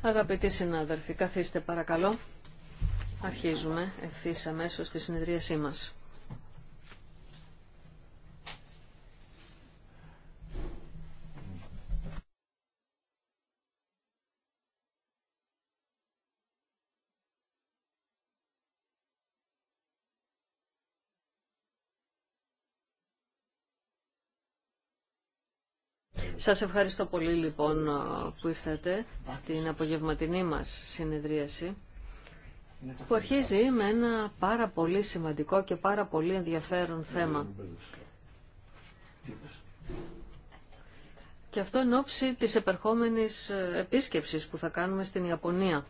Αγαπητοί συνάδελφοι, καθίστε παρακαλώ. Αρχίζουμε ευθύ αμέσω τη συνεδρίασή μας. Σας ευχαριστώ πολύ λοιπόν που ήρθατε στην απογευματινή μας συνεδρίαση που αρχίζει με ένα πάρα πολύ σημαντικό και πάρα πολύ ενδιαφέρον θέμα. Και αυτό εν ώψη της επερχόμενης ε, επίσκεψης που θα κάνουμε στην Ιαπωνία.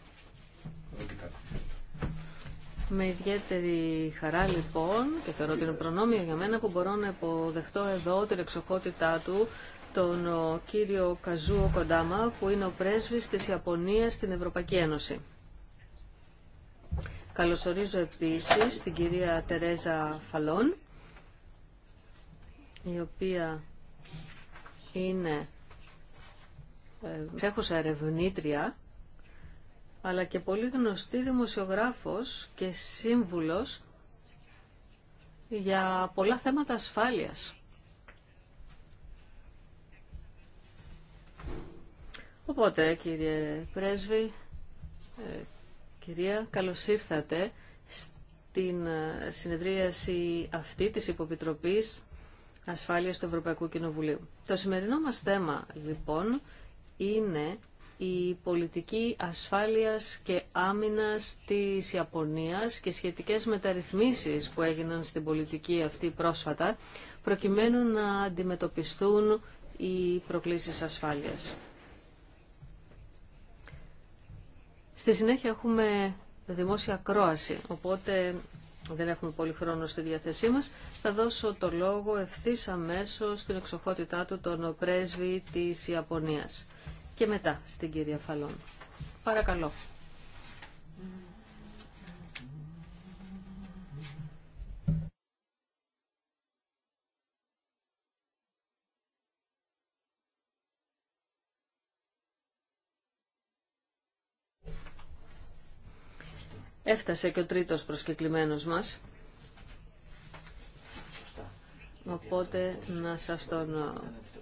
Με ιδιαίτερη χαρά λοιπόν, και θεωρώ ότι είναι προνόμιο για μένα που μπορώ να υποδεχτώ εδώ την εξοχότητά του, τον κύριο Καζούο Κοντάμα, που είναι ο πρέσβης της Ιαπωνίας στην Ευρωπαϊκή Ένωση. Καλωσορίζω επίσης την κυρία Τερέζα Φαλών η οποία είναι ε, ξέχουσα ερευνήτρια, αλλά και πολύ γνωστή δημοσιογράφος και σύμβουλος για πολλά θέματα ασφάλειας. Οπότε, κύριε Πρέσβη, ε, κυρία, καλώς ήρθατε στην ε, συνεδρίαση αυτή της Υποπιτροπής Ασφάλειας του Ευρωπαϊκού Κοινοβουλίου. Το σημερινό μας θέμα, λοιπόν, είναι η πολιτική ασφάλειας και άμυνας της Ιαπωνίας και σχετικές μεταρρυθμίσεις που έγιναν στην πολιτική αυτή πρόσφατα, προκειμένου να αντιμετωπιστούν οι προκλήσεις ασφάλειας. Στη συνέχεια έχουμε δημόσια κρόαση, οπότε δεν έχουμε πολύ χρόνο στη διάθεσή μας. Θα δώσω το λόγο ευθύς αμέσως στην εξοχότητά του τον πρέσβη της Ιαπωνίας και μετά στην κυρία Φαλών. Παρακαλώ. Έφτασε και ο τρίτος προσκεκλημένος μας. Οπότε να σας τον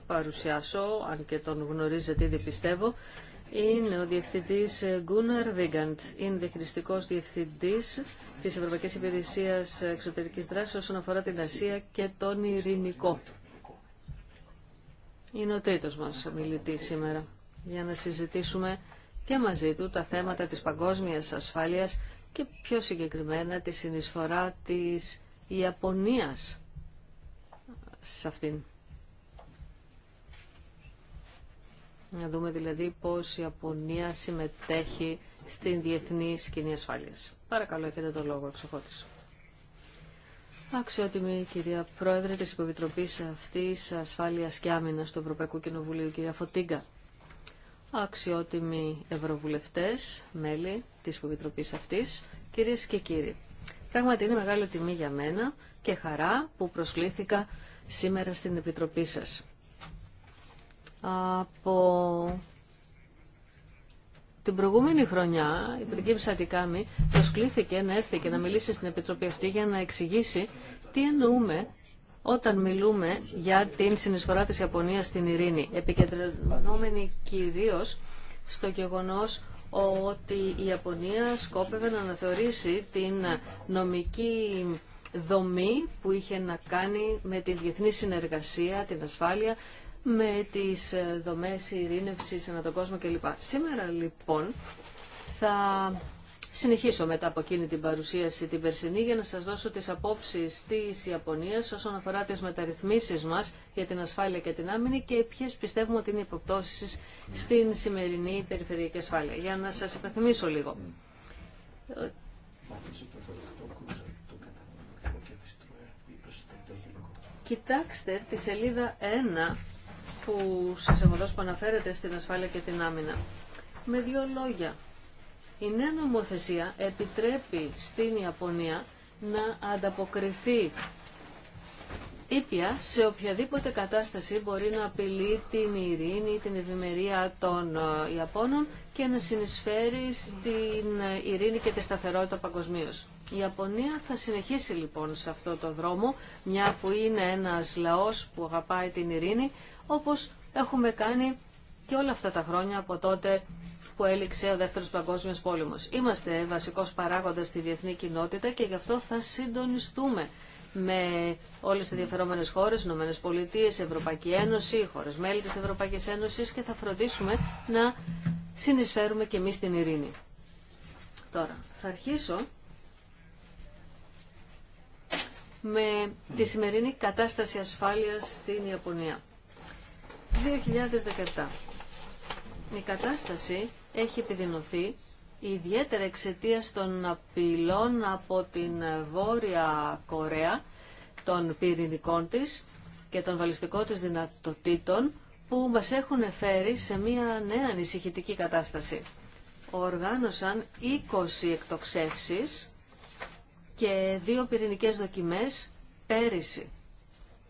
παρουσιάσω, αν και τον γνωρίζετε ήδη πιστεύω. Είναι ο διευθυντής Γκούναρ Βίγκαντ. Είναι διαχειριστικός διευθυντής της Ευρωπαϊκής Υπηρεσίας Εξωτερικής Δράσης όσον αφορά την Ασία και τον Ειρηνικό. Είναι ο τρίτος μας μιλητή σήμερα για να συζητήσουμε και μαζί του τα θέματα της παγκόσμιας ασφάλειας και πιο συγκεκριμένα τη συνεισφορά της Ιαπωνίας σε αυτήν. Να δούμε δηλαδή πώς η Ιαπωνία συμμετέχει στην διεθνή σκηνή ασφάλειας. Παρακαλώ, έχετε το λόγο, εξοχώτης. Αξιότιμη κυρία Πρόεδρε της Υποβιτροπής αυτής Ασφάλειας και Άμυνας του Ευρωπαϊκού Κοινοβουλίου, κυρία Φωτίγκα αξιότιμοι ευρωβουλευτές, μέλη της Επιτροπής αυτής, κυρίες και κύριοι. Πράγματι είναι μεγάλη τιμή για μένα και χαρά που προσκλήθηκα σήμερα στην Επιτροπή σας. Από την προηγούμενη χρονιά η πριγκίπισσα Τικάμι προσκλήθηκε να έρθει και να μιλήσει στην Επιτροπή αυτή για να εξηγήσει τι εννοούμε όταν μιλούμε για την συνεισφορά της Ιαπωνίας στην ειρήνη, επικεντρωνόμενη κυρίως στο γεγονός ότι η Ιαπωνία σκόπευε να αναθεωρήσει την νομική δομή που είχε να κάνει με τη διεθνή συνεργασία, την ασφάλεια, με τις δομές ειρήνευσης ανά τον κόσμο κλπ. Σήμερα λοιπόν θα συνεχίσω μετά από εκείνη την παρουσίαση την περσινή για να σας δώσω τις απόψεις της Ιαπωνίας όσον αφορά τις μεταρρυθμίσεις μας για την ασφάλεια και την άμυνα και ποιε πιστεύουμε ότι είναι υποπτώσεις στην σημερινή περιφερειακή ασφάλεια. Για να σας υπενθυμίσω λίγο. Κοιτάξτε τη σελίδα 1 που σας έχω δώσει που αναφέρεται στην ασφάλεια και την άμυνα. Με δύο λόγια. Η νέα νομοθεσία επιτρέπει στην Ιαπωνία να ανταποκριθεί ήπια σε οποιαδήποτε κατάσταση μπορεί να απειλεί την ειρήνη την ευημερία των ε, Ιαπώνων και να συνεισφέρει στην ειρήνη και τη σταθερότητα παγκοσμίω. Η Ιαπωνία θα συνεχίσει λοιπόν σε αυτό το δρόμο, μια που είναι ένας λαός που αγαπάει την ειρήνη, όπως έχουμε κάνει και όλα αυτά τα χρόνια από τότε που έληξε ο δεύτερο Παγκόσμιο Πόλεμο. Είμαστε βασικός παράγοντας στη διεθνή κοινότητα και γι' αυτό θα συντονιστούμε με όλες τις ενδιαφέρομένε χώρες, χώρες, Πολιτείες, Ευρωπαϊκή Ένωση, χώρες μέλη της Ευρωπαϊκής Ένωσης και θα φροντίσουμε να συνεισφέρουμε και εμείς την ειρήνη. Τώρα, θα αρχίσω με τη σημερινή κατάσταση ασφάλειας στην Ιαπωνία. 2017. Η κατάσταση έχει επιδεινωθεί ιδιαίτερα εξαιτία των απειλών από την Βόρεια Κορέα, των πυρηνικών της και των βαλιστικών της δυνατοτήτων που μας έχουν φέρει σε μια νέα ανησυχητική κατάσταση. Οργάνωσαν 20 εκτοξεύσεις και δύο πυρηνικές δοκιμές πέρυσι,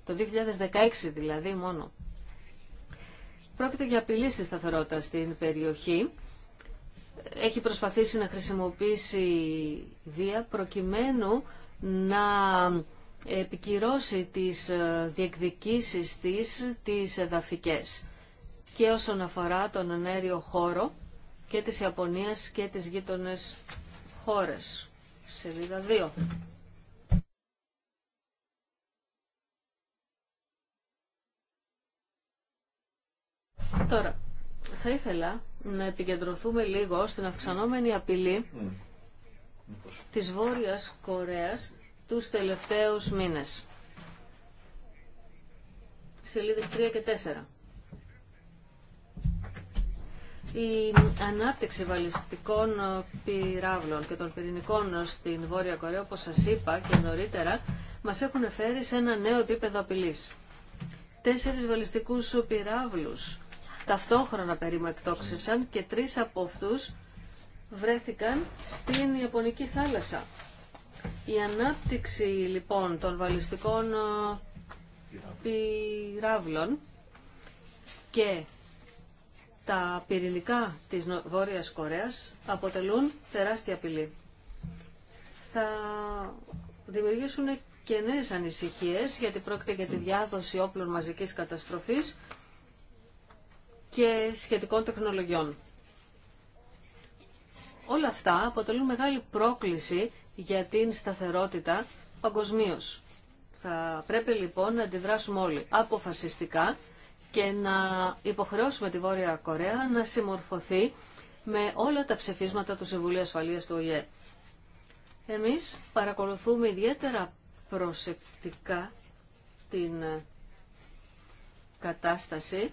το 2016 δηλαδή μόνο. Πρόκειται για απειλή στη σταθερότητα στην περιοχή έχει προσπαθήσει να χρησιμοποιήσει βία προκειμένου να επικυρώσει τις ε, διεκδικήσεις της, τις εδαφικές. Και όσον αφορά τον ανέριο χώρο και της Ιαπωνίας και τις γείτονες χώρες. Σελίδα 2. Τώρα, θα ήθελα να επικεντρωθούμε λίγο στην αυξανόμενη απειλή της Βόρειας Κορέας τους τελευταίους μήνες. Σελίδες 3 και 4. Η ανάπτυξη βαλιστικών πυράβλων και των πυρηνικών στην Βόρεια Κορέα, όπως σας είπα και νωρίτερα, μας έχουν φέρει σε ένα νέο επίπεδο απειλής. Τέσσερις βαλιστικούς πυράβλους ταυτόχρονα περίπου εκτόξευσαν και τρεις από αυτούς βρέθηκαν στην Ιαπωνική θάλασσα. Η ανάπτυξη λοιπόν των βαλιστικών ε, πυράβλων και τα πυρηνικά της Βόρειας Κορέας αποτελούν τεράστια απειλή. Θα δημιουργήσουν και νέες ανησυχίες γιατί πρόκειται για τη διάδοση όπλων μαζικής καταστροφής και σχετικών τεχνολογιών. Όλα αυτά αποτελούν μεγάλη πρόκληση για την σταθερότητα παγκοσμίω. Θα πρέπει λοιπόν να αντιδράσουμε όλοι αποφασιστικά και να υποχρεώσουμε τη Βόρεια Κορέα να συμμορφωθεί με όλα τα ψεφίσματα του Συμβουλίου Ασφαλείας του ΟΗΕ. Εμείς παρακολουθούμε ιδιαίτερα προσεκτικά την κατάσταση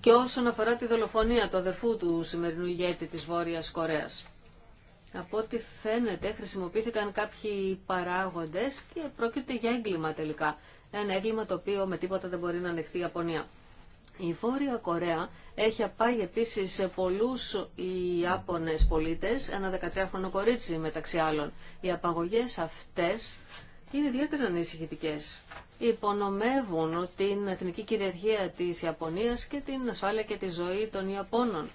και όσον αφορά τη δολοφονία του αδερφού του σημερινού ηγέτη της Βόρειας Κορέας. Από ό,τι φαίνεται χρησιμοποιήθηκαν κάποιοι παράγοντες και πρόκειται για έγκλημα τελικά. Ένα έγκλημα το οποίο με τίποτα δεν μπορεί να ανεχθεί η Ιαπωνία. Η Βόρεια Κορέα έχει απάγει επίση σε πολλού Ιάπωνε πολίτε, ένα 13χρονο κορίτσι μεταξύ άλλων. Οι απαγωγέ αυτέ είναι ιδιαίτερα ανησυχητικέ υπονομεύουν την εθνική κυριαρχία της Ιαπωνίας και την ασφάλεια και τη ζωή των Ιαπώνων.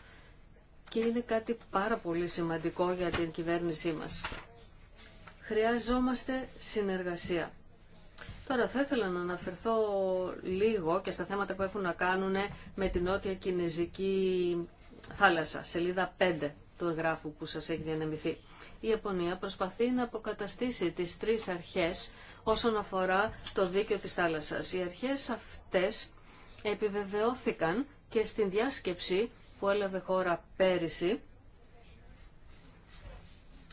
Και είναι κάτι πάρα πολύ σημαντικό για την κυβέρνησή μας. Χρειαζόμαστε συνεργασία. Τώρα θα ήθελα να αναφερθώ λίγο και στα θέματα που έχουν να κάνουν με την Νότια Κινέζικη θάλασσα, σελίδα 5 του εγγράφου που σας έχει διανεμηθεί. Η Ιαπωνία προσπαθεί να αποκαταστήσει τις τρεις αρχές όσον αφορά το δίκαιο της θάλασσας. Οι αρχές αυτές επιβεβαιώθηκαν και στην διάσκεψη που έλαβε χώρα πέρυσι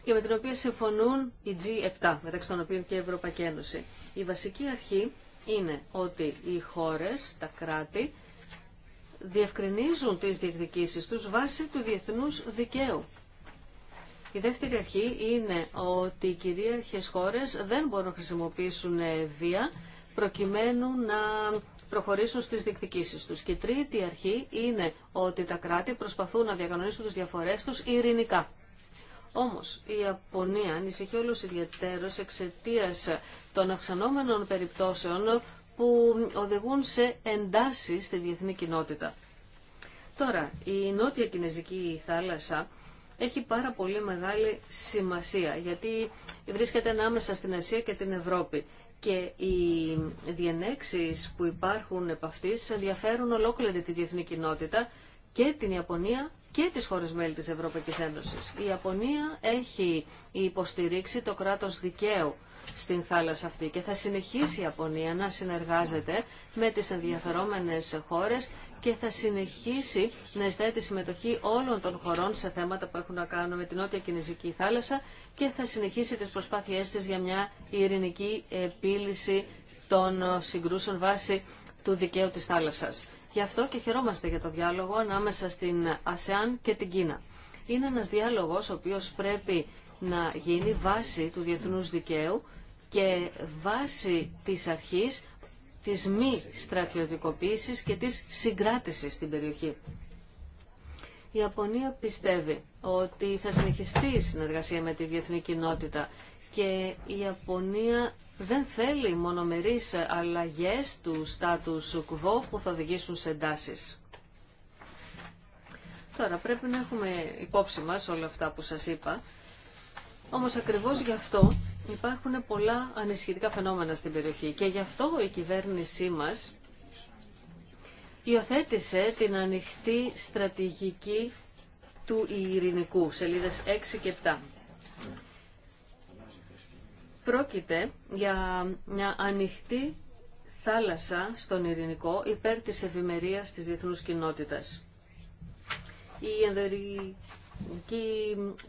και με την οποία συμφωνούν οι G7, μεταξύ των οποίων και η Ευρωπαϊκή Ένωση. Η βασική αρχή είναι ότι οι χώρες, τα κράτη, διευκρινίζουν τις διεκδικήσεις τους βάσει του διεθνούς δικαίου. Η δεύτερη αρχή είναι ότι οι κυρίαρχες χώρες δεν μπορούν να χρησιμοποιήσουν βία προκειμένου να προχωρήσουν στις διεκδικήσεις τους. Και η τρίτη αρχή είναι ότι τα κράτη προσπαθούν να διακανονίσουν τις διαφορές τους ειρηνικά. Όμως η Ιαπωνία ανησυχεί όλο ιδιαίτερος εξαιτία των αυξανόμενων περιπτώσεων που οδηγούν σε εντάσεις στη διεθνή κοινότητα. Τώρα, η νότια κινέζικη θάλασσα έχει πάρα πολύ μεγάλη σημασία γιατί βρίσκεται ανάμεσα στην Ασία και την Ευρώπη και οι διενέξεις που υπάρχουν επ' αυτής ενδιαφέρουν ολόκληρη τη διεθνή κοινότητα και την Ιαπωνία και τις χώρες μέλη της Ευρωπαϊκής Ένωσης. Η Ιαπωνία έχει υποστηρίξει το κράτος δικαίου στην θάλασσα αυτή και θα συνεχίσει η Ιαπωνία να συνεργάζεται με τις ενδιαφερόμενες χώρες και θα συνεχίσει να ζητάει τη συμμετοχή όλων των χωρών σε θέματα που έχουν να κάνουν με την Νότια Κινέζικη θάλασσα και θα συνεχίσει τις προσπάθειές της για μια ειρηνική επίλυση των συγκρούσεων βάσει του δικαίου της θάλασσας. Γι' αυτό και χαιρόμαστε για το διάλογο ανάμεσα στην ΑΣΕΑΝ και την Κίνα. Είναι ένας διάλογος ο οποίος πρέπει να γίνει βάση του διεθνούς δικαίου και βάση της αρχής της μη στρατιωτικοποίησης και της συγκράτησης στην περιοχή. Η Ιαπωνία πιστεύει ότι θα συνεχιστεί η συνεργασία με τη διεθνή κοινότητα και η Ιαπωνία δεν θέλει μονομερείς αλλαγές του στάτους κουβό που θα οδηγήσουν σε εντάσεις. Τώρα πρέπει να έχουμε υπόψη μας όλα αυτά που σας είπα, όμως ακριβώς γι' αυτό υπάρχουν πολλά ανησυχητικά φαινόμενα στην περιοχή και γι' αυτό η κυβέρνησή μας υιοθέτησε την ανοιχτή στρατηγική του ειρηνικού, σελίδες 6 και 7. Πρόκειται για μια ανοιχτή θάλασσα στον ειρηνικό υπέρ της ευημερία της διεθνούς κοινότητας. Η ενδορική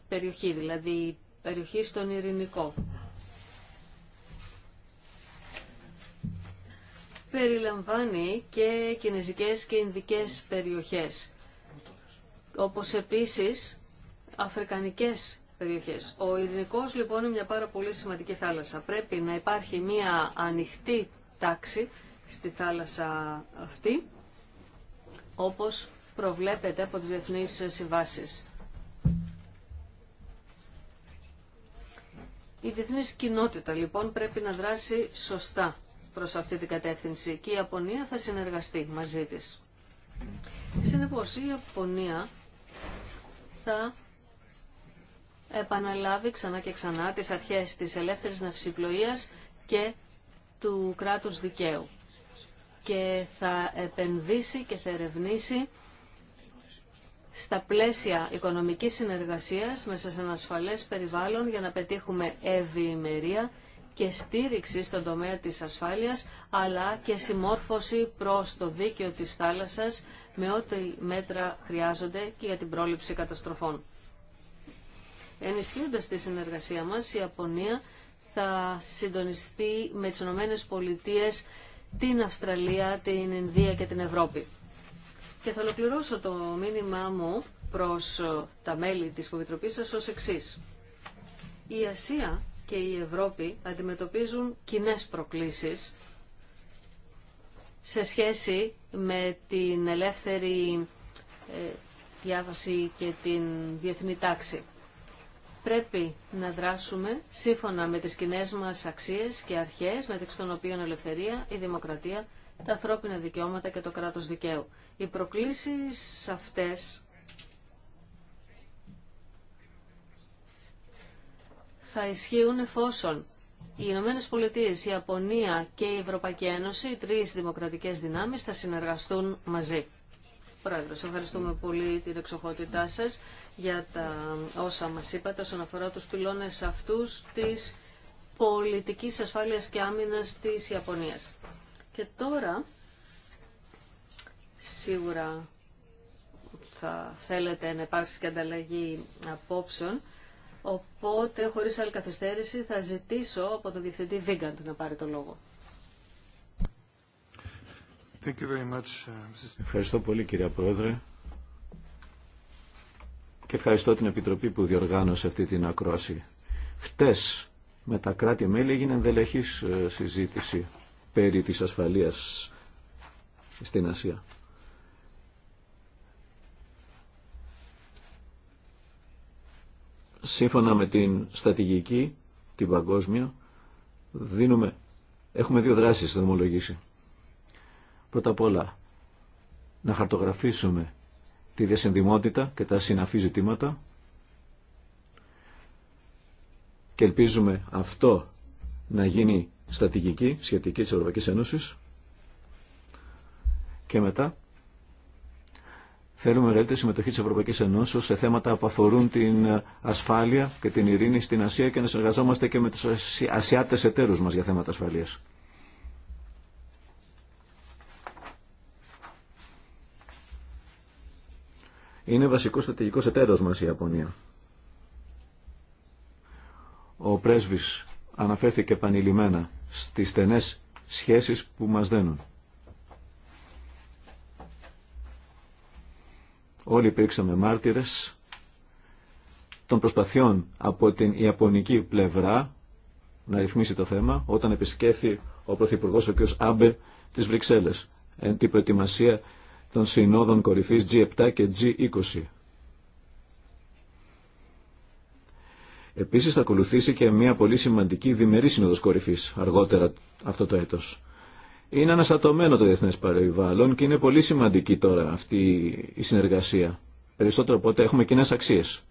περιοχή, δηλαδή η περιοχή στον ειρηνικό, περιλαμβάνει και κινέζικες και ινδικές περιοχές, όπως επίσης αφρικανικές περιοχές. Ο ειρηνικός λοιπόν είναι μια πάρα πολύ σημαντική θάλασσα. Πρέπει να υπάρχει μια ανοιχτή τάξη στη θάλασσα αυτή, όπως προβλέπεται από τις διεθνείς συμβάσεις. Η διεθνής κοινότητα λοιπόν πρέπει να δράσει σωστά προς αυτή την κατεύθυνση και η Ιαπωνία θα συνεργαστεί μαζί της. Συνεπώς η Ιαπωνία θα επαναλάβει ξανά και ξανά τις αρχές της ελεύθερης ναυσιπλοείας και του κράτους δικαίου και θα επενδύσει και θα ερευνήσει στα πλαίσια οικονομικής συνεργασίας μέσα σε ένα ασφαλές περιβάλλον για να πετύχουμε ευημερία και στήριξη στον τομέα της ασφάλειας, αλλά και συμμόρφωση προς το δίκαιο της θάλασσας με ό,τι μέτρα χρειάζονται και για την πρόληψη καταστροφών. Ενισχύοντας τη συνεργασία μας, η Ιαπωνία θα συντονιστεί με τις Ηνωμένες Πολιτείες, την Αυστραλία, την Ινδία και την Ευρώπη. Και θα ολοκληρώσω το μήνυμά μου προς ε, τα μέλη της Κοβιτροπής σας ως εξής. Η Ασία και η Ευρώπη αντιμετωπίζουν κοινέ προκλήσεις σε σχέση με την ελεύθερη ε, διάβαση και την διεθνή τάξη. Πρέπει να δράσουμε σύμφωνα με τις κοινέ μας αξίες και αρχές, μεταξύ των οποίων ελευθερία, η δημοκρατία, τα ανθρώπινα δικαιώματα και το κράτος δικαίου. Οι προκλήσεις αυτές θα ισχύουν εφόσον οι Ηνωμένε Πολιτείε, η Ιαπωνία και η Ευρωπαϊκή Ένωση, οι τρει δημοκρατικέ δυνάμει, θα συνεργαστούν μαζί. Πρόεδρο, ευχαριστούμε πολύ την εξοχότητά σα για τα όσα μα είπατε όσον αφορά του πυλώνε αυτού τη πολιτική ασφάλεια και άμυνα τη Ιαπωνία. Και τώρα, σίγουρα θα θέλετε να υπάρξει και ανταλλαγή απόψεων Οπότε, χωρίς άλλη καθυστέρηση, θα ζητήσω από τον Διευθυντή Βίγκαντ να πάρει το λόγο. Thank you very much. Uh, ευχαριστώ πολύ, κυρία Πρόεδρε. Και ευχαριστώ την Επιτροπή που διοργάνωσε αυτή την ακρόαση. Χτες, με τα κράτη-μέλη έγινε ενδελεχής ε, συζήτηση περί της ασφαλείας στην Ασία. σύμφωνα με την στρατηγική, την παγκόσμια, δίνουμε, έχουμε δύο δράσεις στην ομολογήση. Πρώτα απ' όλα, να χαρτογραφήσουμε τη διασυνδημότητα και τα συναφή ζητήματα και ελπίζουμε αυτό να γίνει στρατηγική σχετική της Ευρωπαϊκής Ένωσης και μετά Θέλουμε μεγαλύτερη συμμετοχή τη Ευρωπαϊκή Ενώσεω σε θέματα που αφορούν την ασφάλεια και την ειρήνη στην Ασία και να συνεργαζόμαστε και με του Ασιάτε εταίρου μα για θέματα ασφαλεία. Είναι βασικό στρατηγικό εταίρο μα η Ιαπωνία. Ο πρέσβή αναφέρθηκε επανειλημμένα στις στενέ σχέσεις που μας δένουν. Όλοι υπήρξαμε μάρτυρες των προσπαθειών από την Ιαπωνική πλευρά να ρυθμίσει το θέμα όταν επισκέφθη ο Πρωθυπουργό ο κ. Άμπε της Βρυξέλλες εν την προετοιμασία των συνόδων κορυφής G7 και G20. Επίσης θα ακολουθήσει και μια πολύ σημαντική διμερή σύνοδος κορυφής αργότερα αυτό το έτος. Είναι αναστατωμένο το διεθνές περιβάλλον και είναι πολύ σημαντική τώρα αυτή η συνεργασία. Περισσότερο ποτέ έχουμε κοινέ αξίες.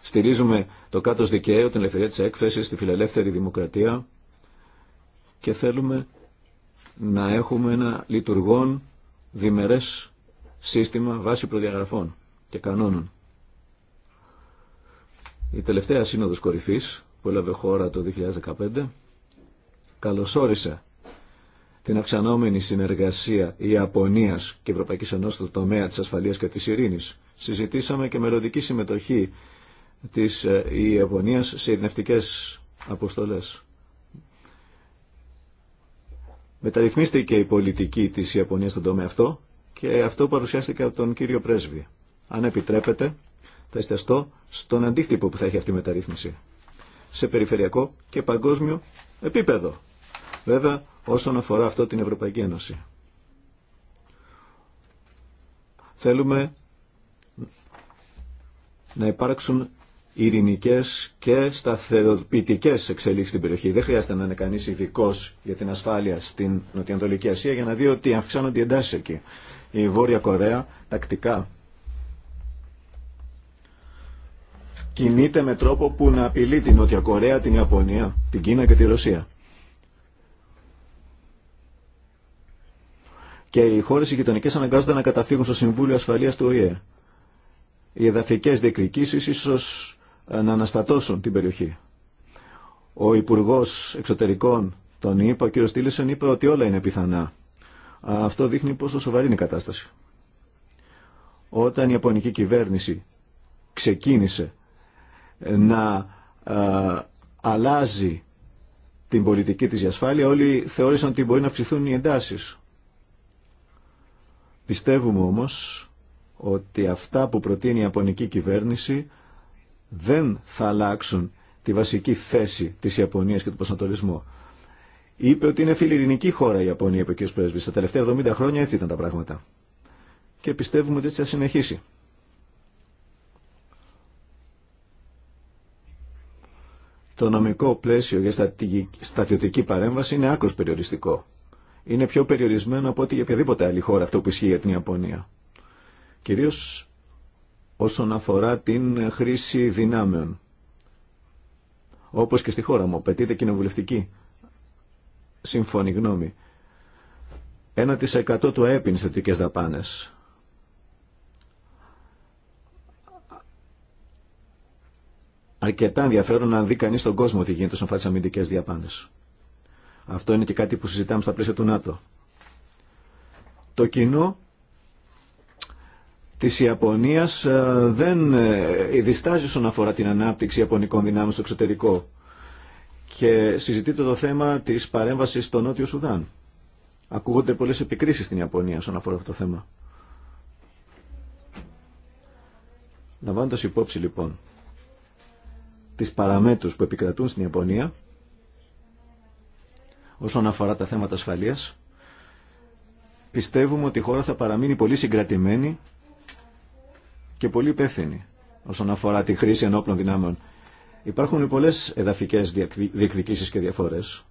Στηρίζουμε το κάτω δικαίου, την ελευθερία τη έκφρασης, τη φιλελεύθερη δημοκρατία και θέλουμε να έχουμε ένα λειτουργόν διμερές σύστημα βάσει προδιαγραφών και κανόνων. Η τελευταία σύνοδος κορυφής που έλαβε χώρα το 2015 καλωσόρισε την αυξανόμενη συνεργασία Ιαπωνία και Ευρωπαϊκή Ενώση στο τομέα της ασφαλείας και της ειρήνης. Συζητήσαμε και μελλοντική συμμετοχή της ε, Ιαπωνία σε ειρηνευτικέ αποστολέ. Μεταρρυθμίστηκε η πολιτική της Ιαπωνία στον τομέα αυτό και αυτό παρουσιάστηκε από τον κύριο Πρέσβη. Αν επιτρέπετε, θα εστιαστώ στον αντίκτυπο που θα έχει αυτή η μεταρρύθμιση σε περιφερειακό και παγκόσμιο επίπεδο. Βέβαια, όσον αφορά αυτό την Ευρωπαϊκή Ένωση. Θέλουμε να υπάρξουν ειρηνικέ και σταθεροποιητικέ εξελίξει στην περιοχή. Δεν χρειάζεται να είναι κανεί ειδικό για την ασφάλεια στην Νοτιοανατολική Ασία για να δει ότι αυξάνονται οι εντάσει εκεί. Η Βόρεια Κορέα τακτικά κινείται με τρόπο που να απειλεί την Νότια Κορέα, την Ιαπωνία, την Κίνα και τη Ρωσία. και οι χώρες οι γειτονικές αναγκάζονται να καταφύγουν στο Συμβούλιο Ασφαλείας του ΟΗΕ. Οι εδαφικές διεκδικήσεις ίσως ε, να αναστατώσουν την περιοχή. Ο Υπουργός Εξωτερικών τον είπε, ο κ. Στήλισεν, είπε ότι όλα είναι πιθανά. Αυτό δείχνει πόσο σοβαρή είναι η κατάσταση. Όταν η Ιαπωνική κυβέρνηση ξεκίνησε ε, να ε, αλλάζει την πολιτική της για ασφάλεια, όλοι θεώρησαν ότι μπορεί να αυξηθούν οι εντάσεις. Πιστεύουμε όμως ότι αυτά που προτείνει η Ιαπωνική κυβέρνηση δεν θα αλλάξουν τη βασική θέση της Ιαπωνίας και του προσανατολισμού. Είπε ότι είναι φιλιρινική χώρα η Ιαπωνία, είπε ο κ. Πρέσβης. Τα τελευταία 70 χρόνια έτσι ήταν τα πράγματα. Και πιστεύουμε ότι έτσι θα συνεχίσει. Το νομικό πλαίσιο για στατιωτική παρέμβαση είναι άκρος περιοριστικό είναι πιο περιορισμένο από ό,τι για οποιαδήποτε άλλη χώρα αυτό που ισχύει για την Ιαπωνία. Κυρίως όσον αφορά την χρήση δυνάμεων. Όπως και στη χώρα μου, απαιτείται κοινοβουλευτική σύμφωνη γνώμη. 1% του ΑΕΠ είναι θετικές δαπάνες. Αρκετά ενδιαφέρον να δει κανεί στον κόσμο τι γίνεται όσον φάτσα τι αμυντικέ διαπάνε. Αυτό είναι και κάτι που συζητάμε στα πλαίσια του ΝΑΤΟ. Το κοινό της Ιαπωνίας ε, δεν ε, διστάζει όσον αφορά την ανάπτυξη Ιαπωνικών δυνάμεων στο εξωτερικό και συζητείται το θέμα της παρέμβασης στο Νότιο Σουδάν. Ακούγονται πολλές επικρίσεις στην Ιαπωνία όσον αφορά αυτό το θέμα. Να Λαμβάνοντας υπόψη λοιπόν τις παραμέτρους που επικρατούν στην Ιαπωνία, όσον αφορά τα θέματα ασφαλείας. Πιστεύουμε ότι η χώρα θα παραμείνει πολύ συγκρατημένη και πολύ υπεύθυνη όσον αφορά τη χρήση ενόπλων δυνάμεων. Υπάρχουν πολλές εδαφικές διεκδικήσεις και διαφορές.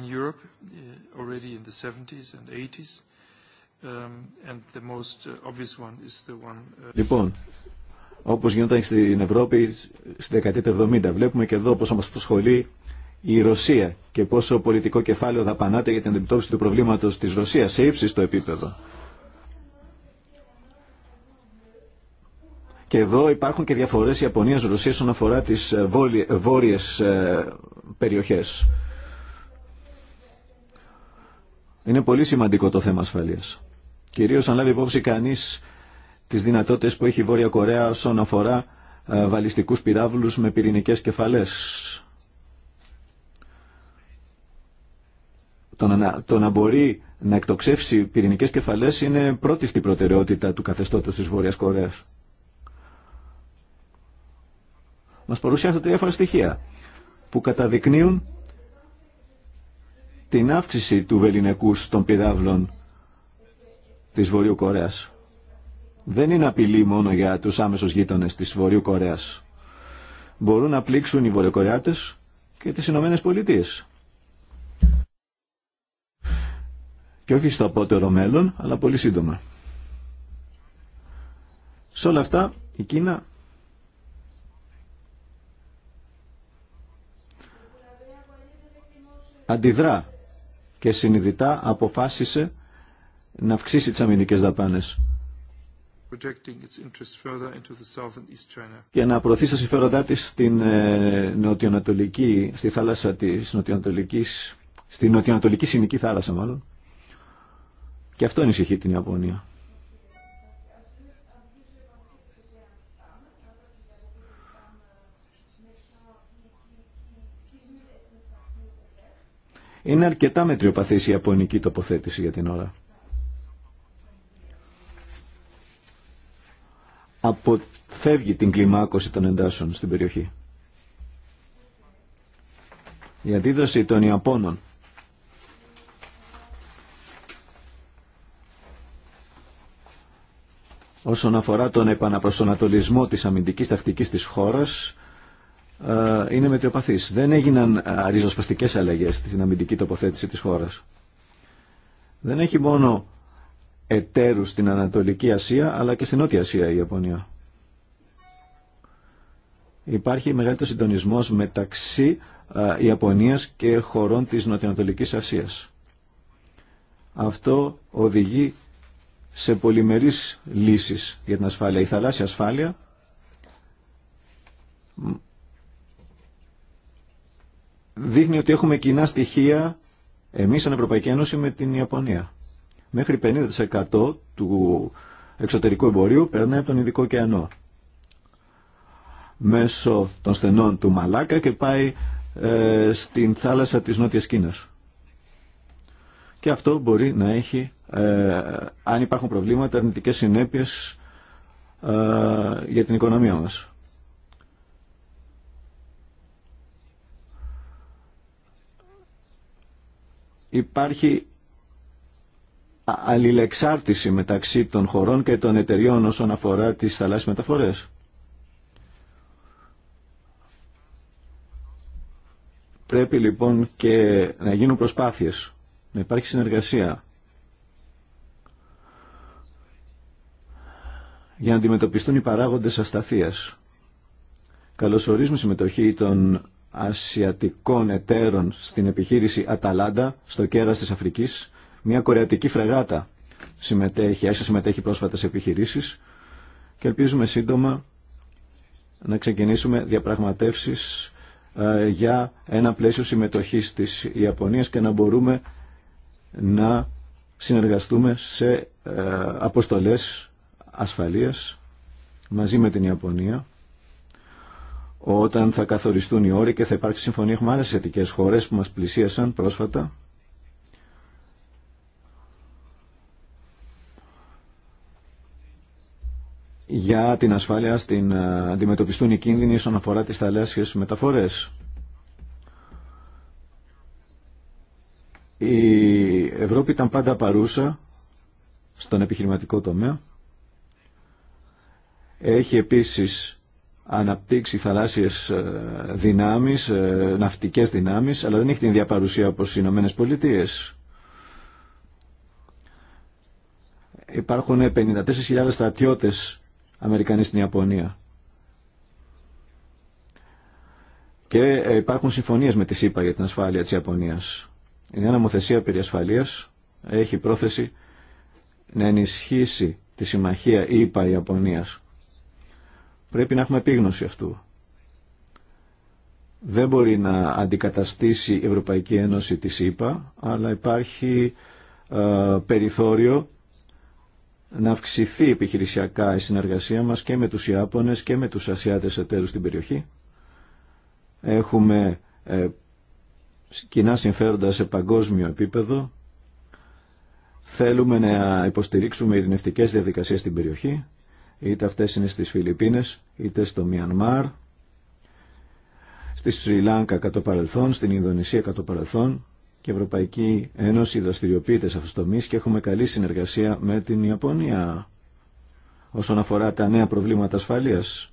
in Europe uh, already in the 70s and 80s. Um, and the most uh, obvious one is the one... Uh, λοιπόν, όπως γινόταν στην Ευρώπη στη δεκαετία του 70. Βλέπουμε και εδώ πόσο μας προσχολεί η Ρωσία και πόσο πολιτικό κεφάλαιο δαπανάται για την αντιμετώπιση του προβλήματος της Ρωσίας σε ύψιστο επίπεδο. Και εδώ υπάρχουν και διαφορές Ιαπωνίας-Ρωσίας όσον αφορά τις ε, βόρειες ε, περιοχές. Είναι πολύ σημαντικό το θέμα ασφαλείας. Κυρίως αν λάβει υπόψη κανείς τις δυνατότητε που έχει η Βόρεια Κορέα όσον αφορά ε, βαλιστικούς πυράβλους με πυρηνικές κεφαλές. Το να, μπορεί να εκτοξεύσει πυρηνικές κεφαλές είναι πρώτη στην προτεραιότητα του καθεστώτος της Βόρειας Κορέας. Μας παρουσιάζονται διάφορα στοιχεία που καταδεικνύουν την αύξηση του βεληνικού των πυράβλων της Βορείου Κορέας δεν είναι απειλή μόνο για τους άμεσους γείτονες της Βορείου Κορέας. Μπορούν να πλήξουν οι Βορειοκορεάτες και τις Ηνωμένε Πολιτείε. Και όχι στο απότερο μέλλον, αλλά πολύ σύντομα. Σε όλα αυτά η Κίνα αντιδρά και συνειδητά αποφάσισε να αυξήσει τις αμυντικές δαπάνες και να προωθήσει τα συμφέροντά της στην ε, νοτιοανατολική, στη θάλασσα της νοτιοανατολικής, στη νοτιοανατολική συνική θάλασσα μάλλον. Και αυτό ενισχύει την Ιαπωνία. Είναι αρκετά μετριοπαθής η ιαπωνική τοποθέτηση για την ώρα. αποφεύγει την κλιμάκωση των εντάσσεων στην περιοχή. Η αντίδραση των Ιαπώνων όσον αφορά τον επαναπροσωνατολισμό της αμυντικής τακτικής της χώρας ε, είναι μετριοπαθής. Δεν έγιναν αριζοσπαστικές ε, αλλαγές στην αμυντική τοποθέτηση της χώρας. Δεν έχει μόνο εταίρου στην Ανατολική Ασία αλλά και στην Νότια Ασία η Ιαπωνία. Υπάρχει μεγαλύτερο συντονισμός μεταξύ Ιαπωνίας και χωρών της Νοτιοανατολικής Ασίας. Αυτό οδηγεί σε πολυμερείς λύσεις για την ασφάλεια. Η θαλάσσια ασφάλεια δείχνει ότι έχουμε κοινά στοιχεία εμείς σαν Ευρωπαϊκή Ένωση με την Ιαπωνία μέχρι 50% του εξωτερικού εμπορίου περνάει από τον Ειδικό ωκεανό μέσω των στενών του Μαλάκα και πάει ε, στην θάλασσα της Νότιας Κίνας. Και αυτό μπορεί να έχει, ε, αν υπάρχουν προβλήματα, αρνητικές συνέπειες ε, για την οικονομία μας. Υπάρχει αλληλεξάρτηση μεταξύ των χωρών και των εταιριών όσον αφορά τις θαλάσσιες μεταφορές. Πρέπει λοιπόν και να γίνουν προσπάθειες, να υπάρχει συνεργασία για να αντιμετωπιστούν οι παράγοντες ασταθείας. Καλωσορίζουμε συμμετοχή των ασιατικών εταίρων στην επιχείρηση Αταλάντα στο κέρας της Αφρικής μια κορεατική φρεγάτα συμμετέχει, άρχισε συμμετέχει σε επιχειρήσεις και ελπίζουμε σύντομα να ξεκινήσουμε διαπραγματεύσεις ε, για ένα πλαίσιο συμμετοχής της Ιαπωνίας και να μπορούμε να συνεργαστούμε σε ε, αποστολές ασφαλείας μαζί με την Ιαπωνία όταν θα καθοριστούν οι όροι και θα υπάρξει συμφωνία. Έχουμε άλλες αιτικές χώρες που μας πλησίασαν πρόσφατα για την ασφάλεια στην ε, αντιμετωπιστούν οι κίνδυνοι όσον αφορά τις θαλάσσιες μεταφορές. Η Ευρώπη ήταν πάντα παρούσα στον επιχειρηματικό τομέα. Έχει επίσης αναπτύξει θαλάσσιες ε, δυνάμεις, ε, ναυτικές δυνάμεις, αλλά δεν έχει την διαπαρουσία όπως οι Ηνωμένε Πολιτείε. Υπάρχουν 54.000 στρατιώτες Αμερικανοί στην Ιαπωνία. Και ε, υπάρχουν συμφωνίες με τη ΣΥΠΑ για την ασφάλεια της Ιαπωνίας. Η νέα νομοθεσία περί ασφαλείας έχει πρόθεση να ενισχύσει τη συμμαχία ΙΠΑ Ιαπωνίας. Πρέπει να έχουμε επίγνωση αυτού. Δεν μπορεί να αντικαταστήσει η Ευρωπαϊκή Ένωση της ΙΠΑ, αλλά υπάρχει ε, περιθώριο να αυξηθεί επιχειρησιακά η συνεργασία μας και με τους Ιάπωνες και με τους Ασιάτες εταίρους στην περιοχή. Έχουμε ε, κοινά συμφέροντα σε παγκόσμιο επίπεδο. Θέλουμε να υποστηρίξουμε ειρηνευτικές διαδικασίες στην περιοχή, είτε αυτές είναι στις Φιλιππίνες, είτε στο Μιανμάρ, στη Σρι Λάνκα κατ' παρελθόν, στην Ινδονησία κατ' παρελθόν και η Ευρωπαϊκή Ένωση δραστηριοποιείται σε του τομεί και έχουμε καλή συνεργασία με την Ιαπωνία όσον αφορά τα νέα προβλήματα ασφαλείας.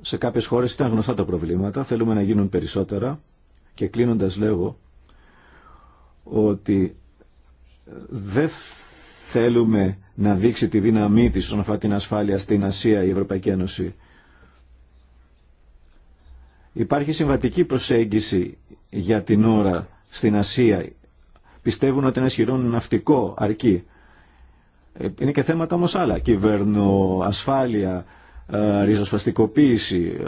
Σε κάποιες χώρες ήταν γνωστά τα προβλήματα, θέλουμε να γίνουν περισσότερα και κλείνοντας λέγω ότι δεν θέλουμε να δείξει τη δύναμή της όσον αφορά την ασφάλεια στην Ασία η Ευρωπαϊκή Ένωση. Υπάρχει συμβατική προσέγγιση για την ώρα στην Ασία. Πιστεύουν ότι ένα ισχυρό ναυτικό αρκεί. Ε, είναι και θέματα όμως άλλα. Κυβέρνο, ασφάλεια, ε, ριζοσπαστικοποίηση, ε,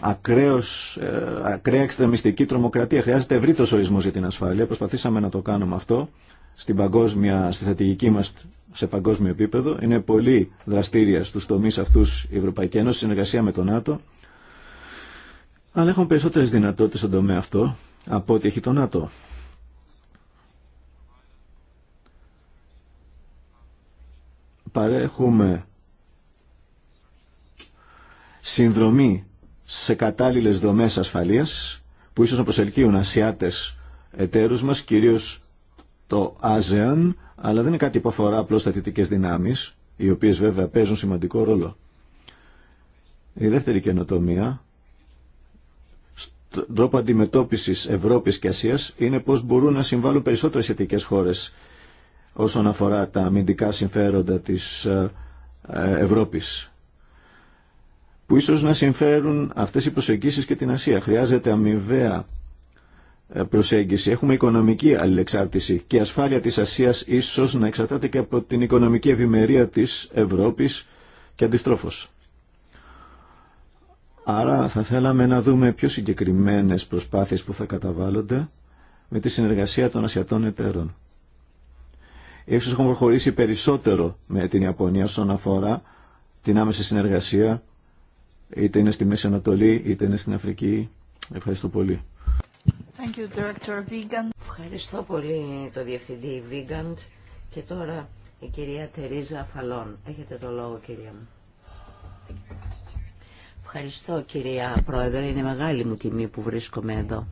ακραίος, ακραία εξτρεμιστική τρομοκρατία. Χρειάζεται ευρύτερο ορισμός για την ασφάλεια. Προσπαθήσαμε να το κάνουμε αυτό παγκόσμια, στη στρατηγική μας σε παγκόσμιο επίπεδο. Είναι πολύ δραστήρια στους τομείς αυτούς η Ευρωπαϊκή Ένωση, συνεργασία με τον ΝΑΤΟ αλλά έχουν περισσότερες δυνατότητες στον τομέα αυτό από ό,τι έχει το ΝΑΤΟ. Παρέχουμε συνδρομή σε κατάλληλες δομές ασφαλείας που ίσως να προσελκύουν ασιάτες εταίρους μας, κυρίως το ΑΖΕΑΝ, αλλά δεν είναι κάτι που αφορά απλώς στατητικές δυνάμεις, οι οποίες βέβαια παίζουν σημαντικό ρόλο. Η δεύτερη καινοτομία τρόπο αντιμετώπιση Ευρώπης και Ασίας είναι πώς μπορούν να συμβάλλουν περισσότερες ηθικέ χώρες όσον αφορά τα αμυντικά συμφέροντα της ε, ε, Ευρώπης που ίσως να συμφέρουν αυτές οι προσεγγίσει και την Ασία. Χρειάζεται αμοιβαία ε, προσέγγιση. Έχουμε οικονομική αλληλεξάρτηση και η ασφάλεια της Ασίας ίσως να εξαρτάται και από την οικονομική ευημερία της Ευρώπης και αντιστρόφως. Άρα θα θέλαμε να δούμε πιο συγκεκριμένες προσπάθειες που θα καταβάλλονται με τη συνεργασία των ασιατών εταίρων. Ίσως έχουμε προχωρήσει περισσότερο με την Ιαπωνία όσον αφορά την άμεση συνεργασία, είτε είναι στη Μέση Ανατολή, είτε είναι στην Αφρική. Ευχαριστώ πολύ. Thank you, Ευχαριστώ πολύ το Διευθυντή Βίγκαντ και τώρα η κυρία Τερίζα Φαλών. Έχετε το λόγο κυρία μου. Ευχαριστώ κυρία Πρόεδρε, είναι μεγάλη μου τιμή που βρίσκομαι εδώ.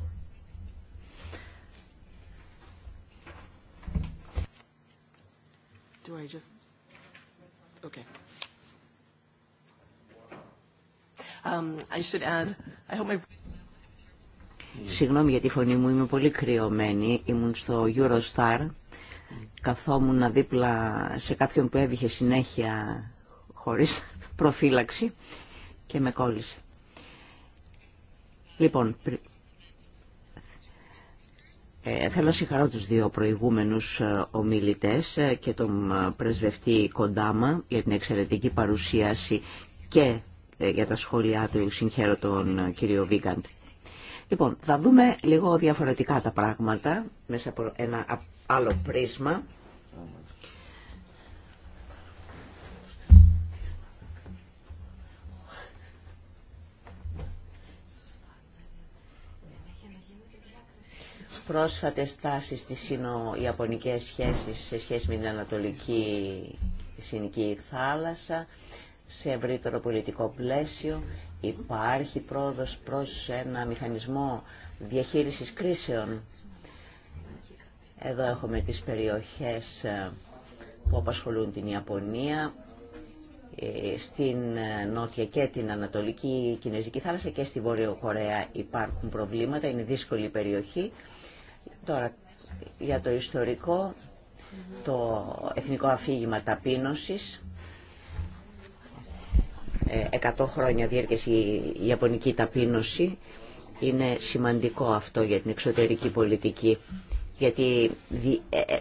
Συγγνώμη για τη φωνή μου, είμαι πολύ κρυωμένη. Ήμουν στο Eurostar, καθόμουν δίπλα σε κάποιον που έβηχε συνέχεια χωρίς προφύλαξη και με κόλλησε. Λοιπόν, ε, θέλω συγχαρώ τους δύο προηγούμενους ε, ομιλητές ε, και τον ε, πρεσβευτή Κοντάμα για την εξαιρετική παρουσίαση και για τα σχόλιά του συγχαίρω τον κύριο Βίγκαντ. Λοιπόν, θα δούμε λίγο διαφορετικά τα πράγματα μέσα από ένα άλλο πρίσμα. πρόσφατες τάσεις της σινοϊαπωνικές σχέσεις σε σχέση με την Ανατολική Συνική Θάλασσα, σε ευρύτερο πολιτικό πλαίσιο, υπάρχει πρόοδος προς ένα μηχανισμό διαχείρισης κρίσεων. Εδώ έχουμε τις περιοχές ε, που απασχολούν την Ιαπωνία, ε, στην ε, Νότια και την Ανατολική Κινέζικη θάλασσα και στη Βόρεια Κορέα υπάρχουν προβλήματα, είναι δύσκολη περιοχή Τώρα, για το ιστορικό, το εθνικό αφήγημα ταπείνωσης, 100 ε, χρόνια διέρχεση η Ιαπωνική ταπείνωση, είναι σημαντικό αυτό για την εξωτερική πολιτική, γιατί ε, ε,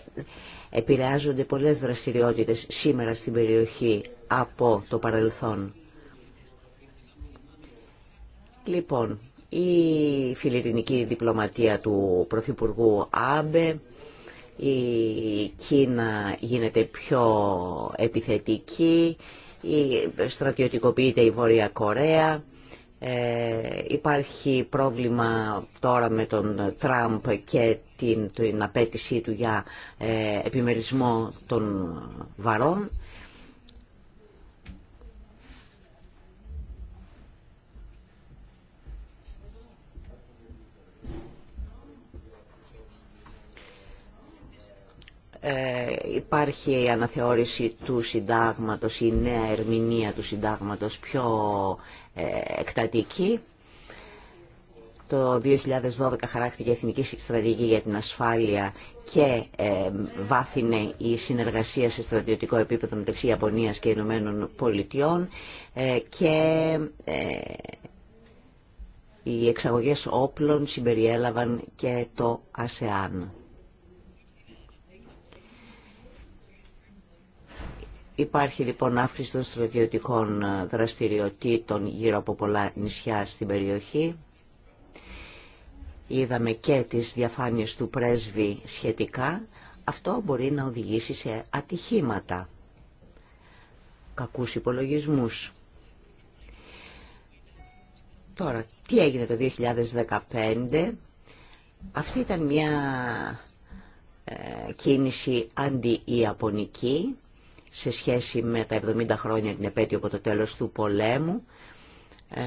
επηρεάζονται πολλές δραστηριότητες σήμερα στην περιοχή από το παρελθόν. Λοιπόν, η φιλιρινική διπλωματία του Πρωθυπουργού Άμπε, η Κίνα γίνεται πιο επιθετική, η, στρατιωτικοποιείται η Βόρεια Κορέα, ε, υπάρχει πρόβλημα τώρα με τον Τραμπ και την, την απέτησή του για ε, επιμερισμό των βαρών. ε, υπάρχει η αναθεώρηση του συντάγματος, η νέα ερμηνεία του συντάγματος πιο ε, εκτατική. Το 2012 χαράκτηκε η Εθνική Στρατηγική για την Ασφάλεια και ε, βάθινε η συνεργασία σε στρατιωτικό επίπεδο μεταξύ Ιαπωνίας και Ηνωμένων Πολιτειών ε, και οι εξαγωγές όπλων συμπεριέλαβαν και το ΑΣΕΑΝ. Υπάρχει λοιπόν αύξηση των στρατιωτικών ε, δραστηριοτήτων γύρω από πολλά νησιά στην περιοχή. Είδαμε και τις διαφάνειες του πρέσβη σχετικά. Αυτό μπορεί να οδηγήσει σε ατυχήματα, κακούς υπολογισμούς. Τώρα, τι έγινε το 2015. Αυτή ήταν μια ε, κίνηση αντι-Ιαπωνική σε σχέση με τα 70 χρόνια την επέτειο από το τέλος του πολέμου. Ε,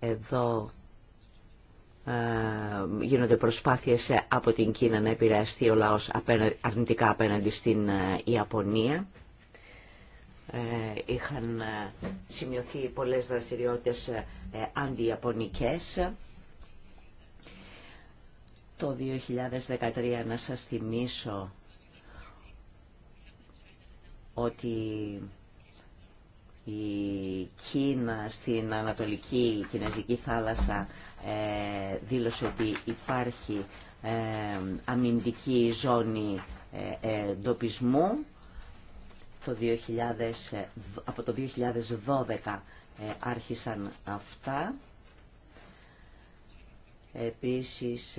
εδώ ε, γίνονται προσπάθειες από την Κίνα να επηρεαστεί ο λαός αρνητικά απέναντι στην ε, Ιαπωνία. Είχαν σημειωθεί πολλές δραστηριότητες το 2013 να σας θυμίσω ότι η Κίνα στην Ανατολική Κινέζικη θάλασσα ε, δήλωσε ότι υπάρχει ε, αμυντική ζώνη ε, ντοπισμού. το 2000, από το 2012 άρχισαν αυτά. Επίσης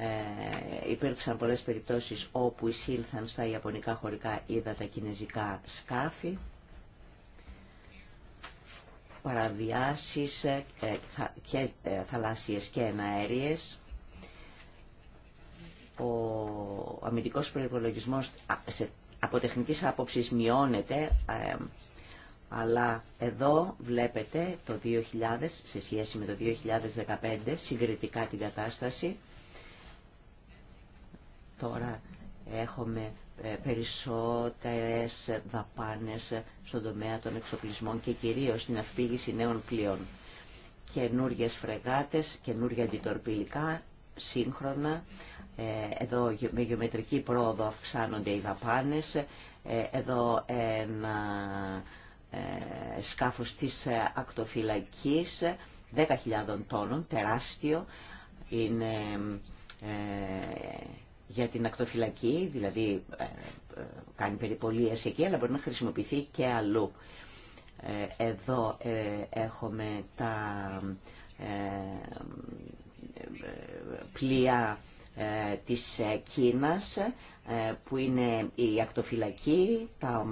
ε, υπήρξαν πολλές περιπτώσεις όπου εισήλθαν στα ιαπωνικά χωρικά είδα τα κινέζικα σκάφη, παραβιάσεις ε, ε, θα, και ε, θαλάσσιες και εναέριες. Ο αμυντικός προϋπολογισμός σε, από τεχνικής άποψης μειώνεται, ε, αλλά εδώ βλέπετε το 2000 σε σχέση με το 2015 συγκριτικά την κατάσταση. Τώρα έχουμε ε, περισσότερες δαπάνες στον τομέα των εξοπλισμών και κυρίως στην αυπήγηση νέων πλοίων. Καινούριε φρεγάτες, καινούργια αντιτορπιλικά, σύγχρονα. Ε, εδώ με γεωμετρική πρόοδο αυξάνονται οι δαπάνες. Ε, εδώ ένα σκάφος της ακτοφυλακής 10.000 τόνων, τεράστιο. Είναι για την ακτοφυλακή, δηλαδή ε, ε, κάνει περιπολίες εκεί, αλλά μπορεί να χρησιμοποιηθεί και αλλού. Ε, εδώ έχουμε τα πλοία της Κίνας που είναι η ακτοφυλακή, τα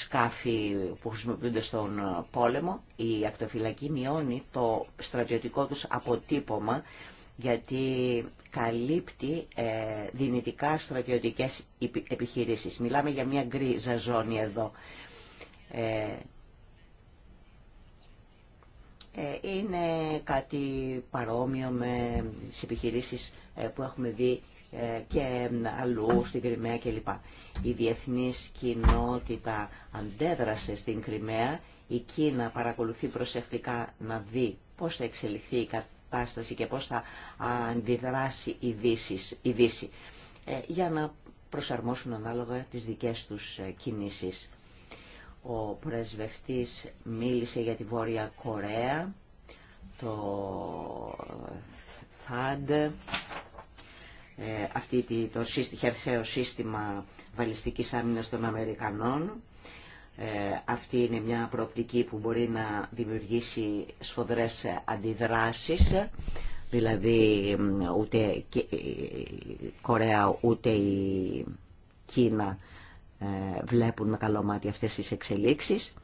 σκάφη που χρησιμοποιούνται στον ε, πόλεμο. Η ακτοφυλακή μειώνει το στρατιωτικό τους αποτύπωμα γιατί καλύπτει ε, δυνητικά στρατιωτικές επιχειρήσεις. Μιλάμε για μια γκρίζα ζώνη εδώ. Ε, είναι κάτι παρόμοιο με τις επιχειρήσεις που έχουμε δει και αλλού στην Κρυμαία κλπ. Η διεθνής κοινότητα αντέδρασε στην Κρυμαία. Η Κίνα παρακολουθεί προσεκτικά να δει πώς θα εξελιχθεί η κατάσταση και πώς θα αντιδράσει η Δύση, η ε, για να προσαρμόσουν ανάλογα τις δικές τους ε, κινήσεις. Ο πρεσβευτής μίλησε για τη Βόρεια Κορέα, το ΘΑΝΤ, ε, αυτή το χερσαίο σύστημα βαλιστικής άμυνας των Αμερικανών. Ε, αυτή είναι μια προοπτική που μπορεί να δημιουργήσει σφοδρές αντιδράσεις, δηλαδή ούτε η ε, Κορέα ούτε η Κίνα βλέπουν με καλό μάτι αυτές τις εξελίξεις.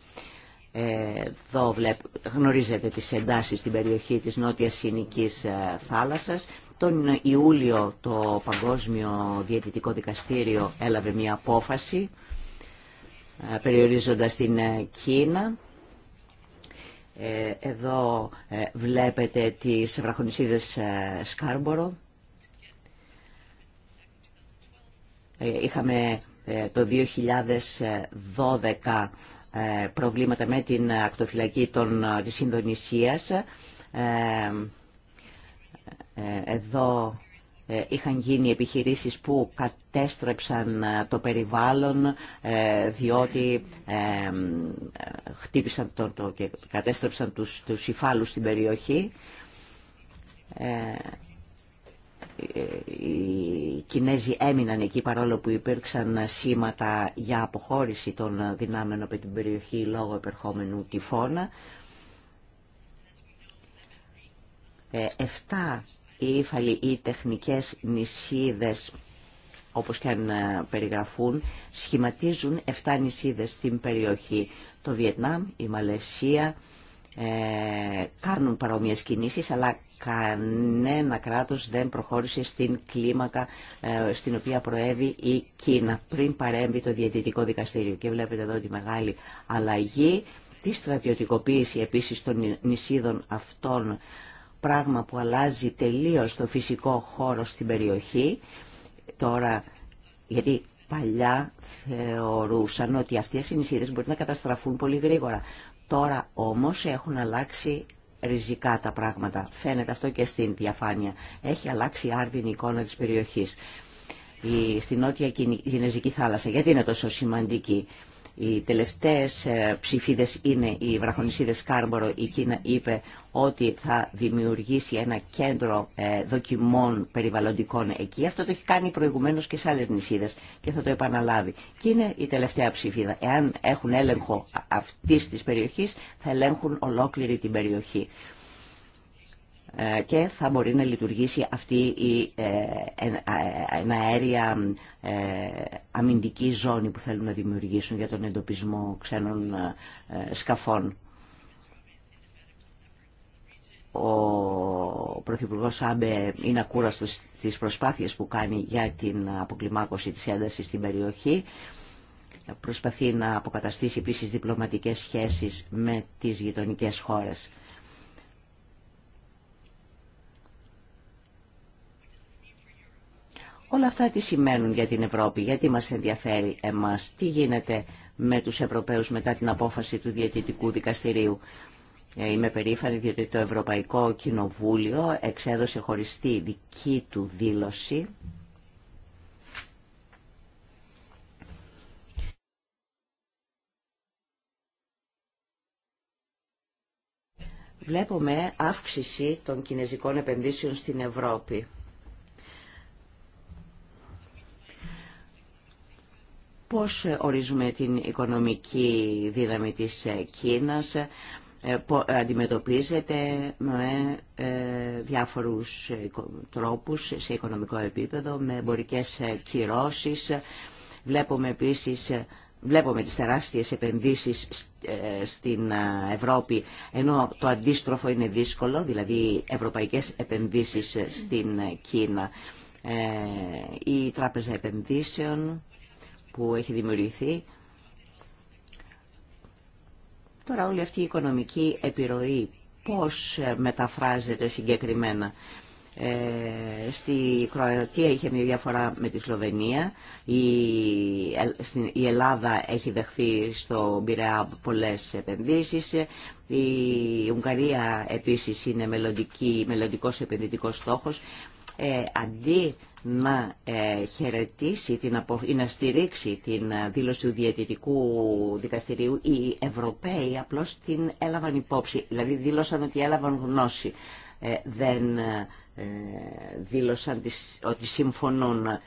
Εδώ βλέπ, γνωρίζετε τις εντάσεις στην περιοχή της Νότιας Συνικής θάλασσας. Τον Ιούλιο το Παγκόσμιο Διαιτητικό Δικαστήριο έλαβε μια απόφαση ε, περιορίζοντας την ε, Κίνα. Ε, εδώ βλέπετε τις βραχονισίδες Σκάρμπορο. Είχαμε το 2012 προβλήματα με την ακτοφυλακή των, της Ινδονησίας. Ε, εδώ ε, είχαν γίνει επιχειρήσεις που κατέστρεψαν ε, το περιβάλλον διότι χτύπησαν το, το, και κατέστρεψαν τους, τους υφάλους στην περιοχή. Οι Κινέζοι έμειναν εκεί παρόλο που υπήρξαν σήματα για αποχώρηση των δυνάμεων από την περιοχή λόγω επερχόμενου τυφώνα. Εφτά οι ύφαλοι ή τεχνικές νησίδες όπως και αν ε, περιγραφούν, σχηματίζουν 7 νησίδες στην περιοχή. Το Βιετνάμ, η Μαλαισία ε, κάνουν παρόμοιες κινήσεις, αλλά κανένα κράτος δεν προχώρησε στην κλίμακα ε, στην οποία προέβη η Κίνα πριν παρέμβει το Διαιτητικό Δικαστήριο. Και βλέπετε εδώ τη μεγάλη αλλαγή, τη στρατιωτικοποίηση επίσης των νησίδων αυτών πράγμα που αλλάζει τελείως το φυσικό χώρο στην περιοχή. Τώρα, γιατί παλιά θεωρούσαν ότι αυτές οι νησίδες μπορεί να καταστραφούν πολύ γρήγορα. Τώρα όμως έχουν αλλάξει ριζικά τα πράγματα. Φαίνεται αυτό και στην διαφάνεια. Έχει αλλάξει η άρδινη εικόνα της περιοχής. Η, στην νότια Κινέζικη θάλασσα. Γιατί είναι τόσο σημαντική. Οι τελευταίες ε, ψηφίδες είναι οι βραχονισίδες Κάρμπορο. Η Κίνα είπε ότι θα δημιουργήσει ένα κέντρο ε, δοκιμών περιβαλλοντικών εκεί. Αυτό το έχει κάνει προηγουμένως και σε άλλες νησίδες και θα το επαναλάβει. Και είναι η τελευταία ψηφίδα. Εάν έχουν έλεγχο αυτής της περιοχής θα ελέγχουν ολόκληρη την περιοχή. Ε, και θα μπορεί να λειτουργήσει αυτή η αερία ε, ε, αμυντική ζώνη που θέλουν να δημιουργήσουν για τον εντοπισμό ξένων σκαφών. Ο Πρωθυπουργό Άμπε είναι ακούραστο στις προσπάθειες που κάνει για την αποκλιμάκωση της έντασης στην περιοχή. Προσπαθεί να αποκαταστήσει επίσης διπλωματικές σχέσεις με τις γειτονικές χώρες. Όλα αυτά τι σημαίνουν για την Ευρώπη, γιατί μας ενδιαφέρει εμάς, τι γίνεται με τους Ευρωπαίους μετά την απόφαση του Διαιτητικού Δικαστηρίου. Ε, είμαι περήφανη διότι το Ευρωπαϊκό Κοινοβούλιο εξέδωσε χωριστή δική του δήλωση Βλέπουμε αύξηση των κινέζικων επενδύσεων στην Ευρώπη. Πώς ορίζουμε την οικονομική δύναμη της Κίνας, ε, ε, αντιμετωπίζεται με ε, διάφορους τρόπους σε οικονομικό επίπεδο, με εμπορικές κυρώσεις. Βλέπουμε επίσης βλέπουμε τις τεράστιες επενδύσεις στην Ευρώπη, ενώ το αντίστροφο είναι δύσκολο, δηλαδή ευρωπαϊκές επενδύσεις στην Κίνα. Η Τράπεζα Επενδύσεων που έχει δημιουργηθεί. Τώρα όλη αυτή η οικονομική επιρροή πώς ε, μεταφράζεται συγκεκριμένα. Ε, στη Κροατία είχε μια διαφορά με τη Σλοβενία. Η, η Ελλάδα έχει δεχθεί στο Μπειραιά πολλές επενδύσεις. Η Ουγγαρία επίσης είναι μελλοντικός επενδυτικός στόχος. Ε, αντί να ε, χαιρετήσει την απο... ή να στηρίξει την ε, δήλωση του Διαιτητικού Δικαστηρίου οι Ευρωπαίοι απλώς την έλαβαν υπόψη, δηλαδή δήλωσαν ότι έλαβαν γνώση. Ε, δεν δήλωσαν τις, ότι συμφωνούν. Ε,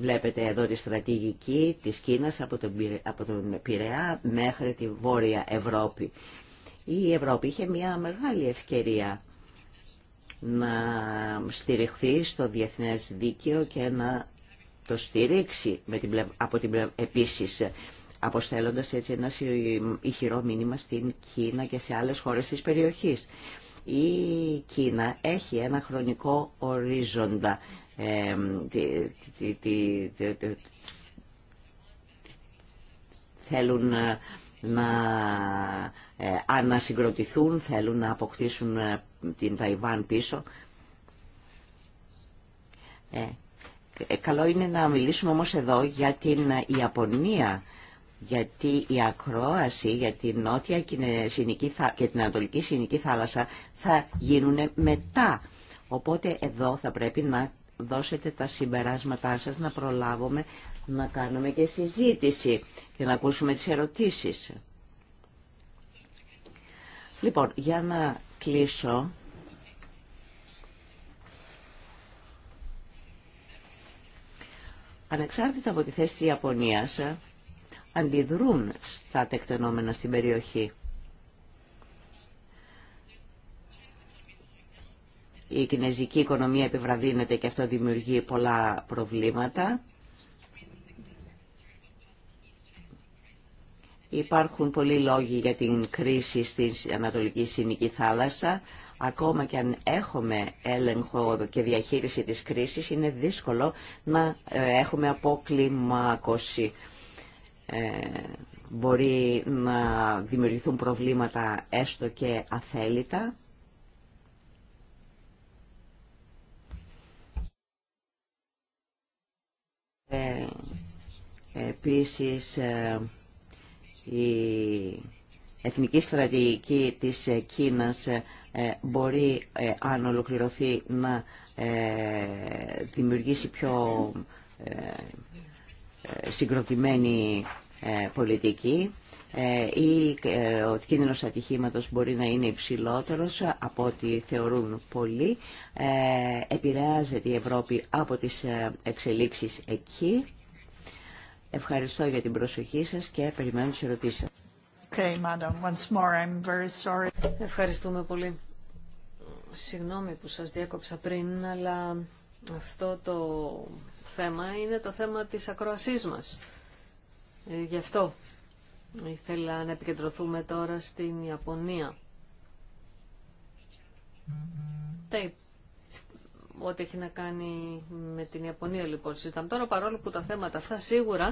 βλέπετε εδώ τη στρατηγική της Κίνας από τον, από τον Πειραιά μέχρι τη Βόρεια Ευρώπη. Η Ευρώπη είχε μια μεγάλη ευκαιρία να στηριχθεί στο διεθνές δίκαιο και να το στηρίξει με την, από την, επίσης αποστέλλοντας έτσι ένα ηχηρό μήνυμα στην Κίνα και σε άλλες χώρες της περιοχής. Η Κίνα έχει ένα χρονικό ορίζοντα τη, τη, τη, θέλουν ε, να ε, ανασυγκροτηθούν, θέλουν να αποκτήσουν ε, την Ταϊβάν πίσω. Ε, ε, καλό είναι να μιλήσουμε όμως εδώ για την Ιαπωνία, γιατί η ακρόαση για την Νότια και την Ανατολική Συνική Θάλασσα θα γίνουν μετά. Οπότε εδώ θα πρέπει να δώσετε τα συμπεράσματά σας, να προλάβουμε να κάνουμε και συζήτηση και να ακούσουμε τις ερωτήσεις. Λοιπόν, για να κλείσω ανεξάρτητα από τη θέση της Ιαπωνίας αντιδρούν στα τεκτενόμενα στην περιοχή. Η κινέζικη οικονομία επιβραδύνεται και αυτό δημιουργεί πολλά προβλήματα. Υπάρχουν πολλοί λόγοι για την κρίση στην Ανατολική Συνική Θάλασσα. Ακόμα και αν έχουμε έλεγχο και διαχείριση της κρίσης, είναι δύσκολο να ε, έχουμε αποκλιμάκωση. Ε, μπορεί να δημιουργηθούν προβλήματα έστω και αθέλητα. Ε, επίσης, ε, η εθνική στρατηγική της ε, Κίνας ε, ε, μπορεί, αν ολοκληρωθεί, να δημιουργήσει πιο συγκροτημένη πολιτική. Ή ο κίνδυνος ατυχήματος μπορεί να είναι υψηλότερος από ό,τι θεωρούν πολλοί. Επηρεάζεται η Ευρώπη από τις εξελίξεις εκεί. Ευχαριστώ για την προσοχή σας και περιμένω τις ερωτήσεις σας. Okay, madam. Once more, I'm very sorry. Ευχαριστούμε πολύ. Συγγνώμη που σας διέκοψα πριν, αλλά αυτό το θέμα είναι το θέμα της ακροασής μας. Ε, γι' αυτό ήθελα να επικεντρωθούμε τώρα στην Ιαπωνία. Τέιπ ό,τι έχει να κάνει με την Ιαπωνία λοιπόν συζητάμε τώρα παρόλο που τα θέματα αυτά σίγουρα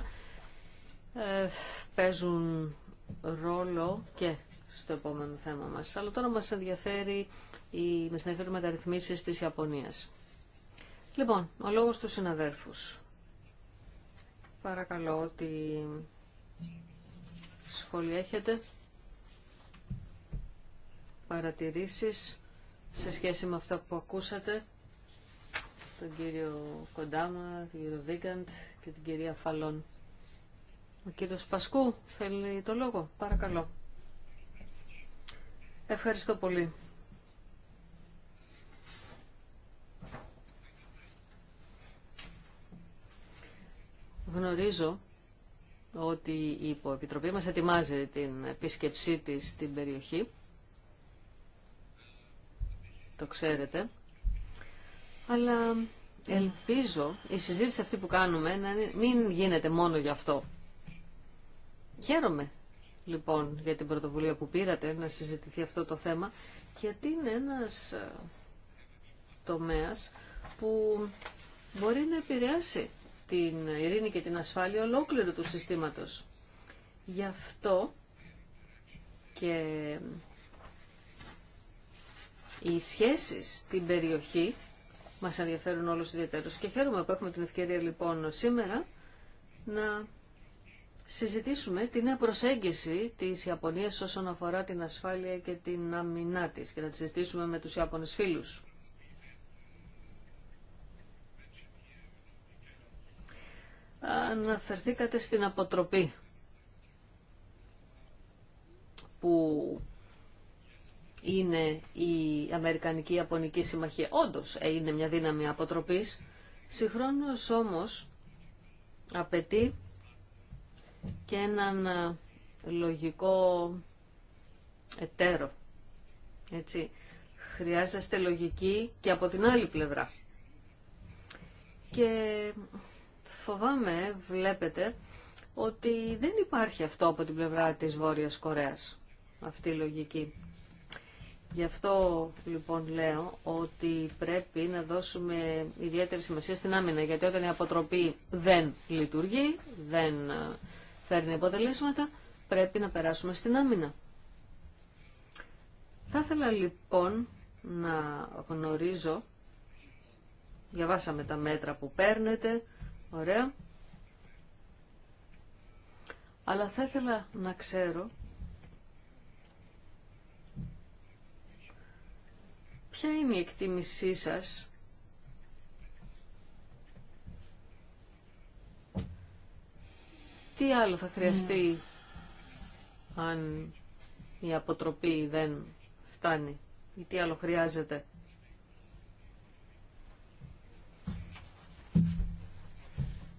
ε, παίζουν ρόλο και στο επόμενο θέμα μας. Αλλά τώρα μας ενδιαφέρει η μας ενδιαφέρει μεταρρυθμίσεις της Ιαπωνίας. Λοιπόν, ο λόγος του συναδέρφους. Παρακαλώ ότι σχόλια έχετε παρατηρήσεις σε σχέση με αυτά που ακούσατε τον κύριο Κοντάμα, τον κύριο Βίγκαντ και την κυρία Φαλόν. Ο κύριος Πασκού θέλει το λόγο. Παρακαλώ. Ευχαριστώ πολύ. Γνωρίζω ότι η υποεπιτροπή μας ετοιμάζει την επίσκεψή της στην περιοχή. Το ξέρετε. Αλλά ελπίζω η συζήτηση αυτή που κάνουμε να μην γίνεται μόνο γι' αυτό. Χαίρομαι λοιπόν για την πρωτοβουλία που πήρατε να συζητηθεί αυτό το θέμα γιατί είναι ένας ε, τομέας που μπορεί να επηρεάσει την ειρήνη και την ασφάλεια ολόκληρου του συστήματος. Γι' αυτό και οι σχέσεις στην περιοχή Μα ενδιαφέρουν όλου ιδιαίτερω. Και χαίρομαι που έχουμε την ευκαιρία λοιπόν σήμερα να συζητήσουμε την προσέγγιση της Ιαπωνία όσον αφορά την ασφάλεια και την αμυνά τη και να τη συζητήσουμε με τους Ιάπωνες φίλους. Αναφερθήκατε στην αποτροπή που είναι η Αμερικανική-Ιαπωνική Συμμαχία. όντω ε, είναι μια δύναμη αποτροπής, συγχρόνως όμως απαιτεί και έναν ε, λογικό εταίρο. Έτσι. Χρειάζεστε λογική και από την άλλη πλευρά. Και φοβάμαι, βλέπετε, ότι δεν υπάρχει αυτό από την πλευρά της Βόρειας Κορέας, αυτή η λογική. Γι' αυτό λοιπόν λέω ότι πρέπει να δώσουμε ιδιαίτερη σημασία στην άμυνα, γιατί όταν η αποτροπή δεν λειτουργεί, δεν ε, φέρνει αποτελέσματα, πρέπει να περάσουμε στην άμυνα. Θα ήθελα λοιπόν να γνωρίζω, διαβάσαμε τα μέτρα που παίρνετε, ωραία, αλλά θα ήθελα να ξέρω ποια είναι η εκτίμησή σας Τι άλλο θα χρειαστεί ναι. αν η αποτροπή δεν φτάνει ή τι άλλο χρειάζεται.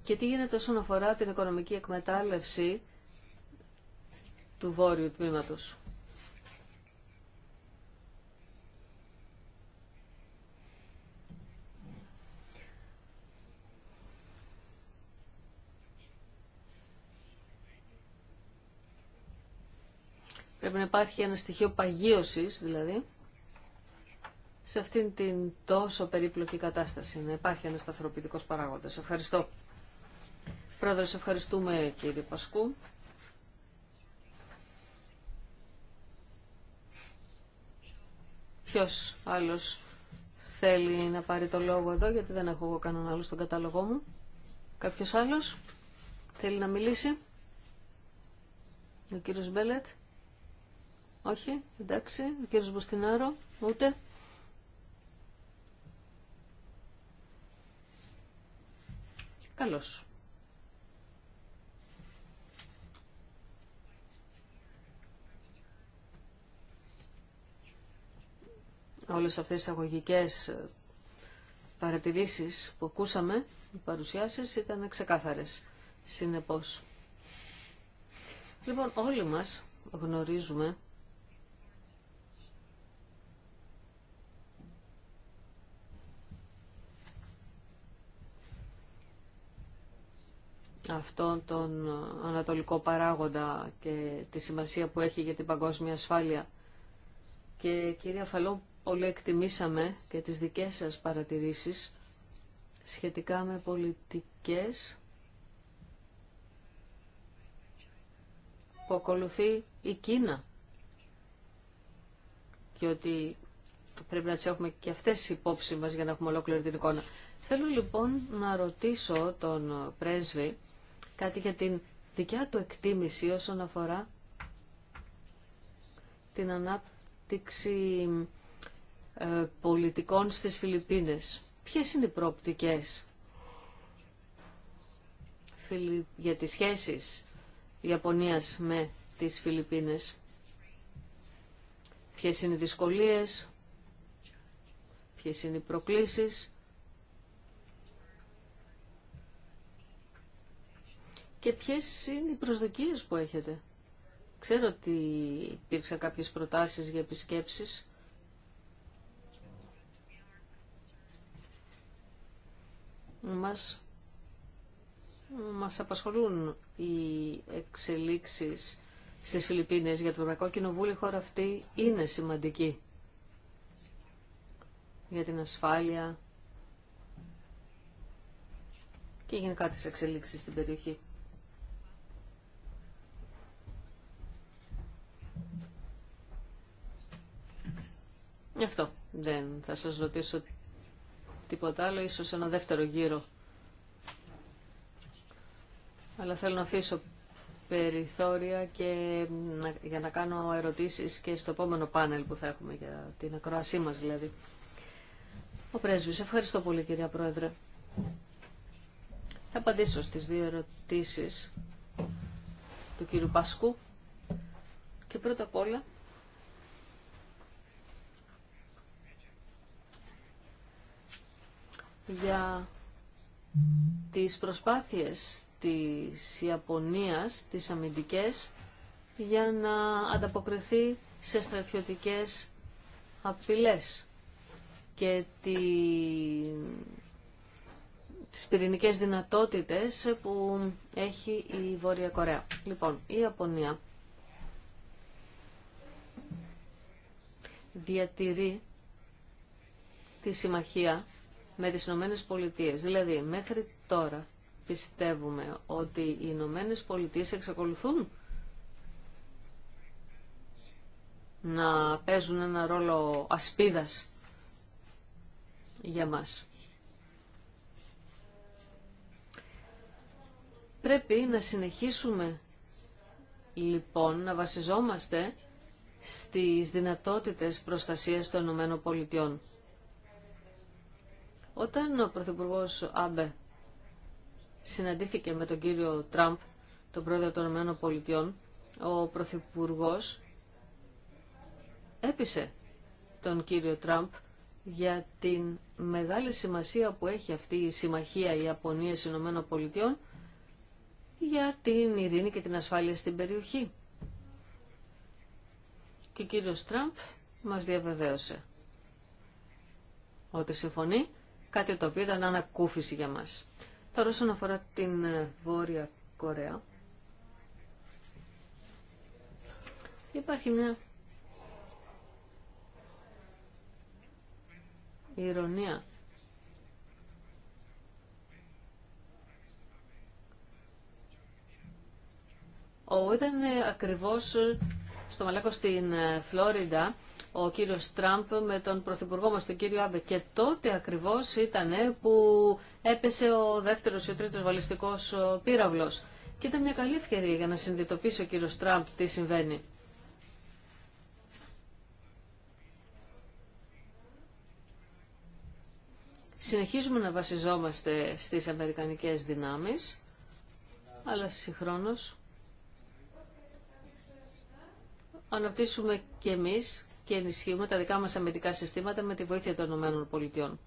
Και τι γίνεται όσον αφορά την οικονομική εκμετάλλευση του βόρειου τμήματος. Πρέπει να υπάρχει ένα στοιχείο παγίωσης δηλαδή σε αυτήν την τόσο περίπλοκη κατάσταση. Να υπάρχει ένα σταθεροποιητικό παράγοντα. Ευχαριστώ. Πρόεδρε, ευχαριστούμε κύριε Πασκού. Ποιος άλλος θέλει να πάρει το λόγο εδώ, γιατί δεν έχω εγώ κανέναν άλλο στον κατάλογό μου. Κάποιος άλλο θέλει να μιλήσει. Ο κύριος Μπέλετ. Όχι, εντάξει, ο κύριος Μπουστινάρο, ούτε. Καλώς. Όλες αυτές τις αγωγικές ε, παρατηρήσεις που ακούσαμε, οι παρουσιάσεις ήταν ξεκάθαρες, συνεπώς. Λοιπόν, όλοι μας γνωρίζουμε αυτόν τον ανατολικό παράγοντα και τη σημασία που έχει για την παγκόσμια ασφάλεια. Και κυρία Φαλό, πολύ εκτιμήσαμε και τις δικές σας παρατηρήσεις σχετικά με πολιτικές που ακολουθεί η Κίνα και ότι πρέπει να τις έχουμε και αυτές οι υπόψεις μας για να έχουμε ολόκληρη την εικόνα. Θέλω λοιπόν να ρωτήσω τον πρέσβη κάτι για την δικιά του εκτίμηση όσον αφορά την ανάπτυξη ε, πολιτικών στις Φιλιππίνες. Ποιες είναι οι προοπτικές για τις σχέσεις Ιαπωνίας με τις Φιλιππίνες. Ποιες είναι οι δυσκολίες, ποιες είναι οι προκλήσεις και ποιες είναι οι προσδοκίες που έχετε. Ξέρω ότι υπήρξαν κάποιες προτάσεις για επισκέψεις. Μας, μας απασχολούν οι εξελίξεις στις Φιλιππίνες για το Ευρωπαϊκό Κοινοβούλιο. Η χώρα αυτή είναι σημαντική για την ασφάλεια και γενικά τις εξελίξεις στην περιοχή. Γι' αυτό δεν θα σας ρωτήσω τίποτα άλλο, ίσως ένα δεύτερο γύρο. Αλλά θέλω να αφήσω περιθώρια και για να κάνω ερωτήσεις και στο επόμενο πάνελ που θα έχουμε για την ακροασή μας δηλαδή. Ο πρέσβης, ευχαριστώ πολύ κυρία Πρόεδρε. Θα απαντήσω στις δύο ερωτήσεις του κύριου Πασκού και πρώτα απ' όλα για τις προσπάθειες της Ιαπωνίας, τις αμυντικές, για να ανταποκριθεί σε στρατιωτικές απειλές και τη... τις πυρηνικές δυνατότητες που έχει η Βόρεια Κορέα. Λοιπόν, η Ιαπωνία διατηρεί τη συμμαχία με τις Ηνωμένε Πολιτείες. Δηλαδή, μέχρι τώρα πιστεύουμε ότι οι Ηνωμένε Πολιτείες εξακολουθούν να παίζουν ένα ρόλο ασπίδας για μας. Πρέπει να συνεχίσουμε λοιπόν να βασιζόμαστε στις δυνατότητες προστασίας των Ηνωμένων Πολιτειών. Όταν ο Πρωθυπουργό Άμπε συναντήθηκε με τον κύριο Τραμπ, τον πρόεδρο των ΗΠΑ, ο Πρωθυπουργό έπεισε τον κύριο Τραμπ για την μεγάλη σημασία που έχει αυτή η συμμαχία Ιαπωνία Ηνωμένων Πολιτειών για την ειρήνη και την ασφάλεια στην περιοχή. Και ο κύριος Τραμπ μας διαβεβαίωσε ότι συμφωνεί κάτι το οποίο ήταν ανακούφιση για μας. Τώρα όσον αφορά την ε, Βόρεια Κορέα, υπάρχει μια ηρωνία. Ο, ήταν ε, ακριβώς στο Μαλάκο στην ε, Φλόριντα ο κύριος Τραμπ με τον πρωθυπουργό μας τον κύριο Άμπε και τότε ακριβώς ήταν που έπεσε ο δεύτερος ή ο τρίτος βαλιστικός πύραυλος. Και ήταν μια καλή ευκαιρία για να συνειδητοποιήσει ο κύριος Τραμπ τι συμβαίνει. Συνεχίζουμε να βασιζόμαστε στις αμερικανικές δυνάμεις, αλλά συγχρόνως αναπτύσσουμε και εμείς και ενισχύουμε τα δικά μας αμυντικά συστήματα με τη βοήθεια των ΗΠΑ.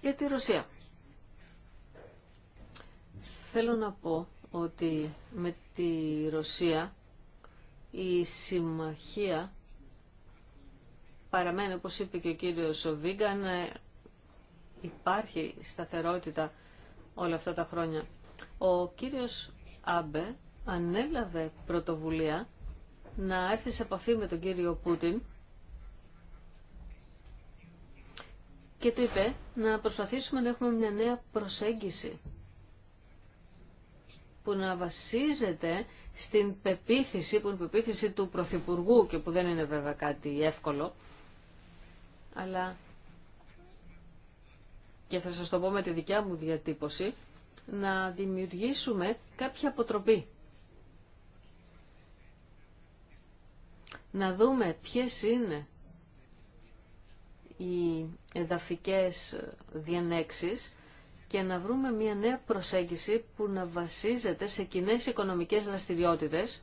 Για τη Ρωσία. Θέλω να πω ότι με τη Ρωσία η συμμαχία παραμένει, όπως είπε και ο κύριος Βίγκαν, υπάρχει σταθερότητα όλα αυτά τα χρόνια. Ο κύριος Άμπε ανέλαβε πρωτοβουλία να έρθει σε επαφή με τον κύριο Πούτιν και του είπε να προσπαθήσουμε να έχουμε μια νέα προσέγγιση που να βασίζεται στην πεποίθηση, που είναι πεποίθηση του Πρωθυπουργού και που δεν είναι βέβαια κάτι εύκολο, αλλά και θα σας το πω με τη δικιά μου διατύπωση, να δημιουργήσουμε κάποια αποτροπή να δούμε ποιες είναι οι εδαφικές διενέξεις και να βρούμε μια νέα προσέγγιση που να βασίζεται σε κοινέ οικονομικές δραστηριότητες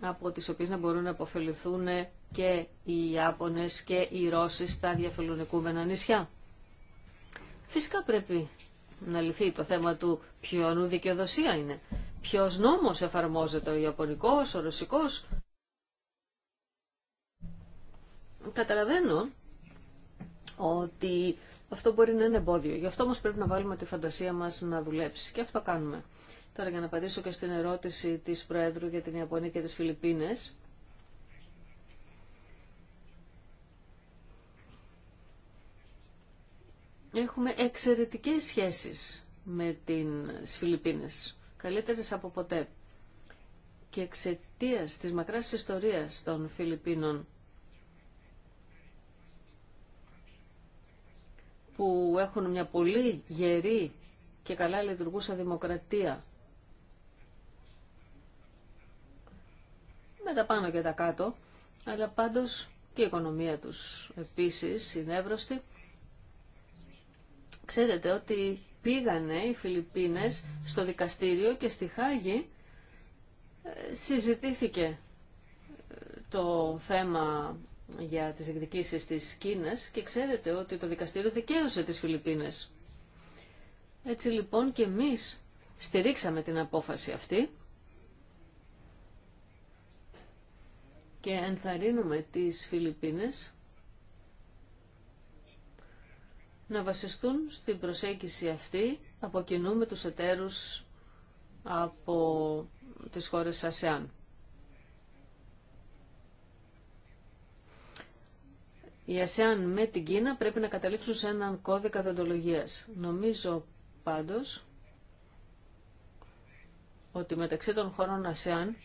από τις οποίες να μπορούν να αποφεληθούν και οι Ιάπωνες και οι Ρώσοι στα διαφελονικούμενα νησιά. Φυσικά πρέπει να λυθεί το θέμα του ποιονού δικαιοδοσία είναι. Ποιος νόμος εφαρμόζεται, ο Ιαπωνικός, ο Ρωσικός. Καταλαβαίνω ότι αυτό μπορεί να είναι εμπόδιο. Γι' αυτό όμως πρέπει να βάλουμε τη φαντασία μας να δουλέψει. Και αυτό κάνουμε. Τώρα για να απαντήσω και στην ερώτηση της Προέδρου για την Ιαπωνία και τις Φιλιππίνες. Έχουμε εξαιρετικές σχέσεις με τις Φιλιππίνες καλύτερες από ποτέ. Και εξαιτία της μακράς ιστορία των Φιλιππίνων που έχουν μια πολύ γερή και καλά λειτουργούσα δημοκρατία με τα πάνω και τα κάτω, αλλά πάντως και η οικονομία τους επίσης είναι εύρωστη. Ξέρετε ότι πήγανε οι Φιλιππίνες στο δικαστήριο και στη Χάγη ε, συζητήθηκε ε, το θέμα για τις εκδικήσεις της Κίνας και ξέρετε ότι το δικαστήριο δικαίωσε τις Φιλιππίνες. Έτσι λοιπόν και εμείς στηρίξαμε την απόφαση αυτή και ενθαρρύνουμε τις Φιλιππίνες να βασιστούν στην προσέγγιση αυτή από κοινού με τους εταίρους από τις χώρες ΑΣΕΑΝ. Η ΑΣΕΑΝ με την Κίνα πρέπει να καταλήξουν σε έναν κώδικα δοντολογίας. Νομίζω πάντως ότι μεταξύ των χωρών ΑΣΕΑΝ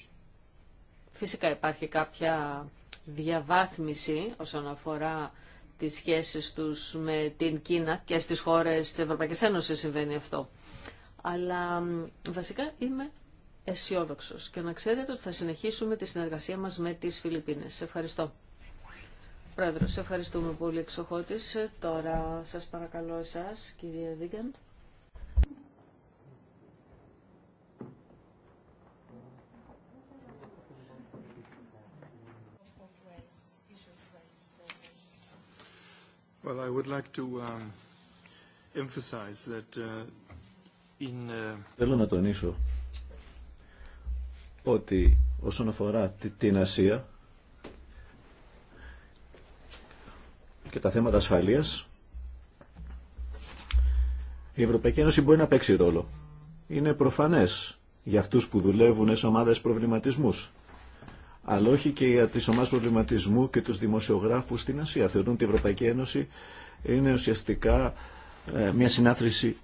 φυσικά υπάρχει κάποια διαβάθμιση όσον αφορά τις σχέσεις τους με την Κίνα και στις χώρες της Ευρωπαϊκής Ένωσης συμβαίνει αυτό. Αλλά βασικά είμαι αισιόδοξο και να ξέρετε ότι θα συνεχίσουμε τη συνεργασία μας με τις Φιλιππίνες. ευχαριστώ. Πρόεδρος, σε ευχαριστούμε πολύ εξοχότης. Τώρα σας παρακαλώ εσάς, κυρία Βίγκαντ. Well, I would like to um, emphasize that uh, in... Uh, Θέλω να τονίσω ότι όσον αφορά την Ασία και τα θέματα ασφαλείας η Ευρωπαϊκή Ένωση μπορεί να παίξει ρόλο. Είναι προφανές για αυτούς που δουλεύουν σε ομάδες προβληματισμούς αλλά όχι και για τις ομάδες προβληματισμού και τους δημοσιογράφους στην Ασία. Θεωρούν ότι η Ευρωπαϊκή Ένωση είναι ουσιαστικά ε, μια συνάθρηση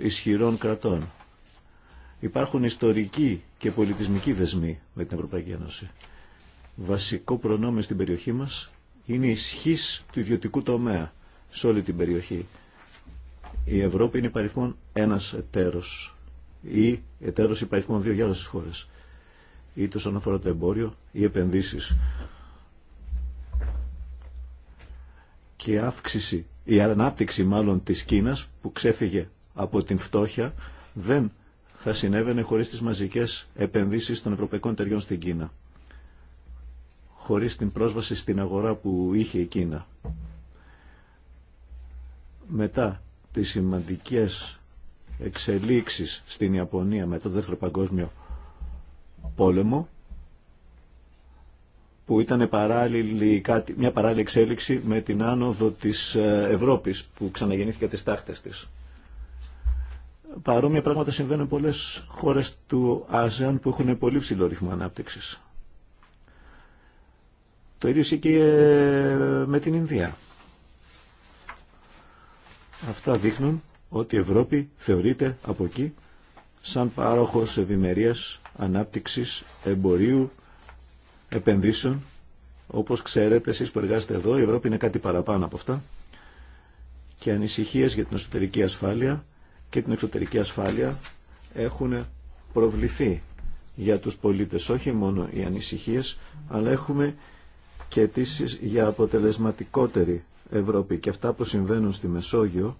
ε, ισχυρών κρατών. Υπάρχουν ιστορικοί και πολιτισμικοί δεσμοί με την Ευρωπαϊκή Ένωση. Βασικό προνόμιο στην περιοχή μας είναι η ισχύς του ιδιωτικού τομέα σε όλη την περιοχή. Η Ευρώπη είναι υπαριθμόν ένας εταίρος ή εταίρος υπαριθμόν δύο για άλλες χώρες είτε όσον αφορά το εμπόριο ή επενδύσεις. Και η αύξηση, η ανάπτυξη μάλλον της Κίνας που ξέφυγε από την φτώχεια δεν θα συνέβαινε χωρίς τις μαζικές επενδύσεις των ευρωπαϊκών εταιριών στην Κίνα. Χωρίς την πρόσβαση στην αγορά που είχε η Κίνα. Μετά τις σημαντικές εξελίξεις στην Ιαπωνία με το Δεύτερο Παγκόσμιο πόλεμο που ήταν παράλληλη, μια παράλληλη εξέλιξη με την άνοδο της ε, Ευρώπης που ξαναγεννήθηκε τις τάχτες της. Παρόμοια πράγματα συμβαίνουν σε πολλές χώρες του ΑΖΕΑΝ που έχουν πολύ ψηλό ρυθμό ανάπτυξης. Το ίδιο και ε, με την Ινδία. Αυτά δείχνουν ότι η Ευρώπη θεωρείται από εκεί σαν πάροχος ευημερίας ανάπτυξης, εμπορίου, επενδύσεων. Όπως ξέρετε, εσείς που εργάζεστε εδώ, η Ευρώπη είναι κάτι παραπάνω από αυτά και ανησυχίες για την εσωτερική ασφάλεια και την εξωτερική ασφάλεια έχουν προβληθεί για τους πολίτες. Όχι μόνο οι ανησυχίες, αλλά έχουμε και αιτήσει για αποτελεσματικότερη Ευρώπη. Και αυτά που συμβαίνουν στη Μεσόγειο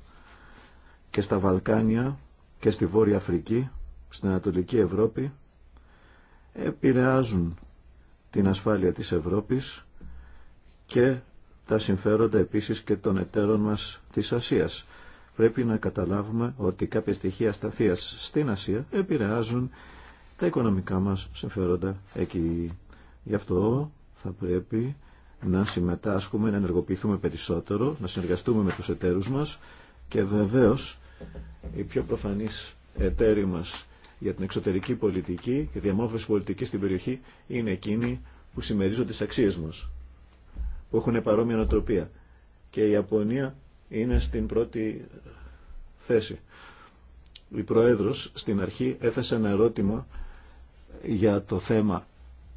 και στα Βαλκάνια και στη Βόρεια Αφρική, στην Ανατολική Ευρώπη, επηρεάζουν την ασφάλεια της Ευρώπης και τα συμφέροντα επίσης και των εταίρων μας της Ασίας. Πρέπει να καταλάβουμε ότι κάποια στοιχεία σταθείας στην Ασία επηρεάζουν τα οικονομικά μας συμφέροντα εκεί. Γι' αυτό θα πρέπει να συμμετάσχουμε, να ενεργοποιηθούμε περισσότερο, να συνεργαστούμε με τους εταίρους μας και βεβαίως οι πιο προφανείς εταίροι μας για την εξωτερική πολιτική και διαμόρφωση πολιτική στην περιοχή είναι εκείνοι που συμμερίζονται τι αξίε μα, που έχουν παρόμοια νοοτροπία. Και η Ιαπωνία είναι στην πρώτη ε, θέση. Η Προέδρος στην αρχή έθεσε ένα ερώτημα για το θέμα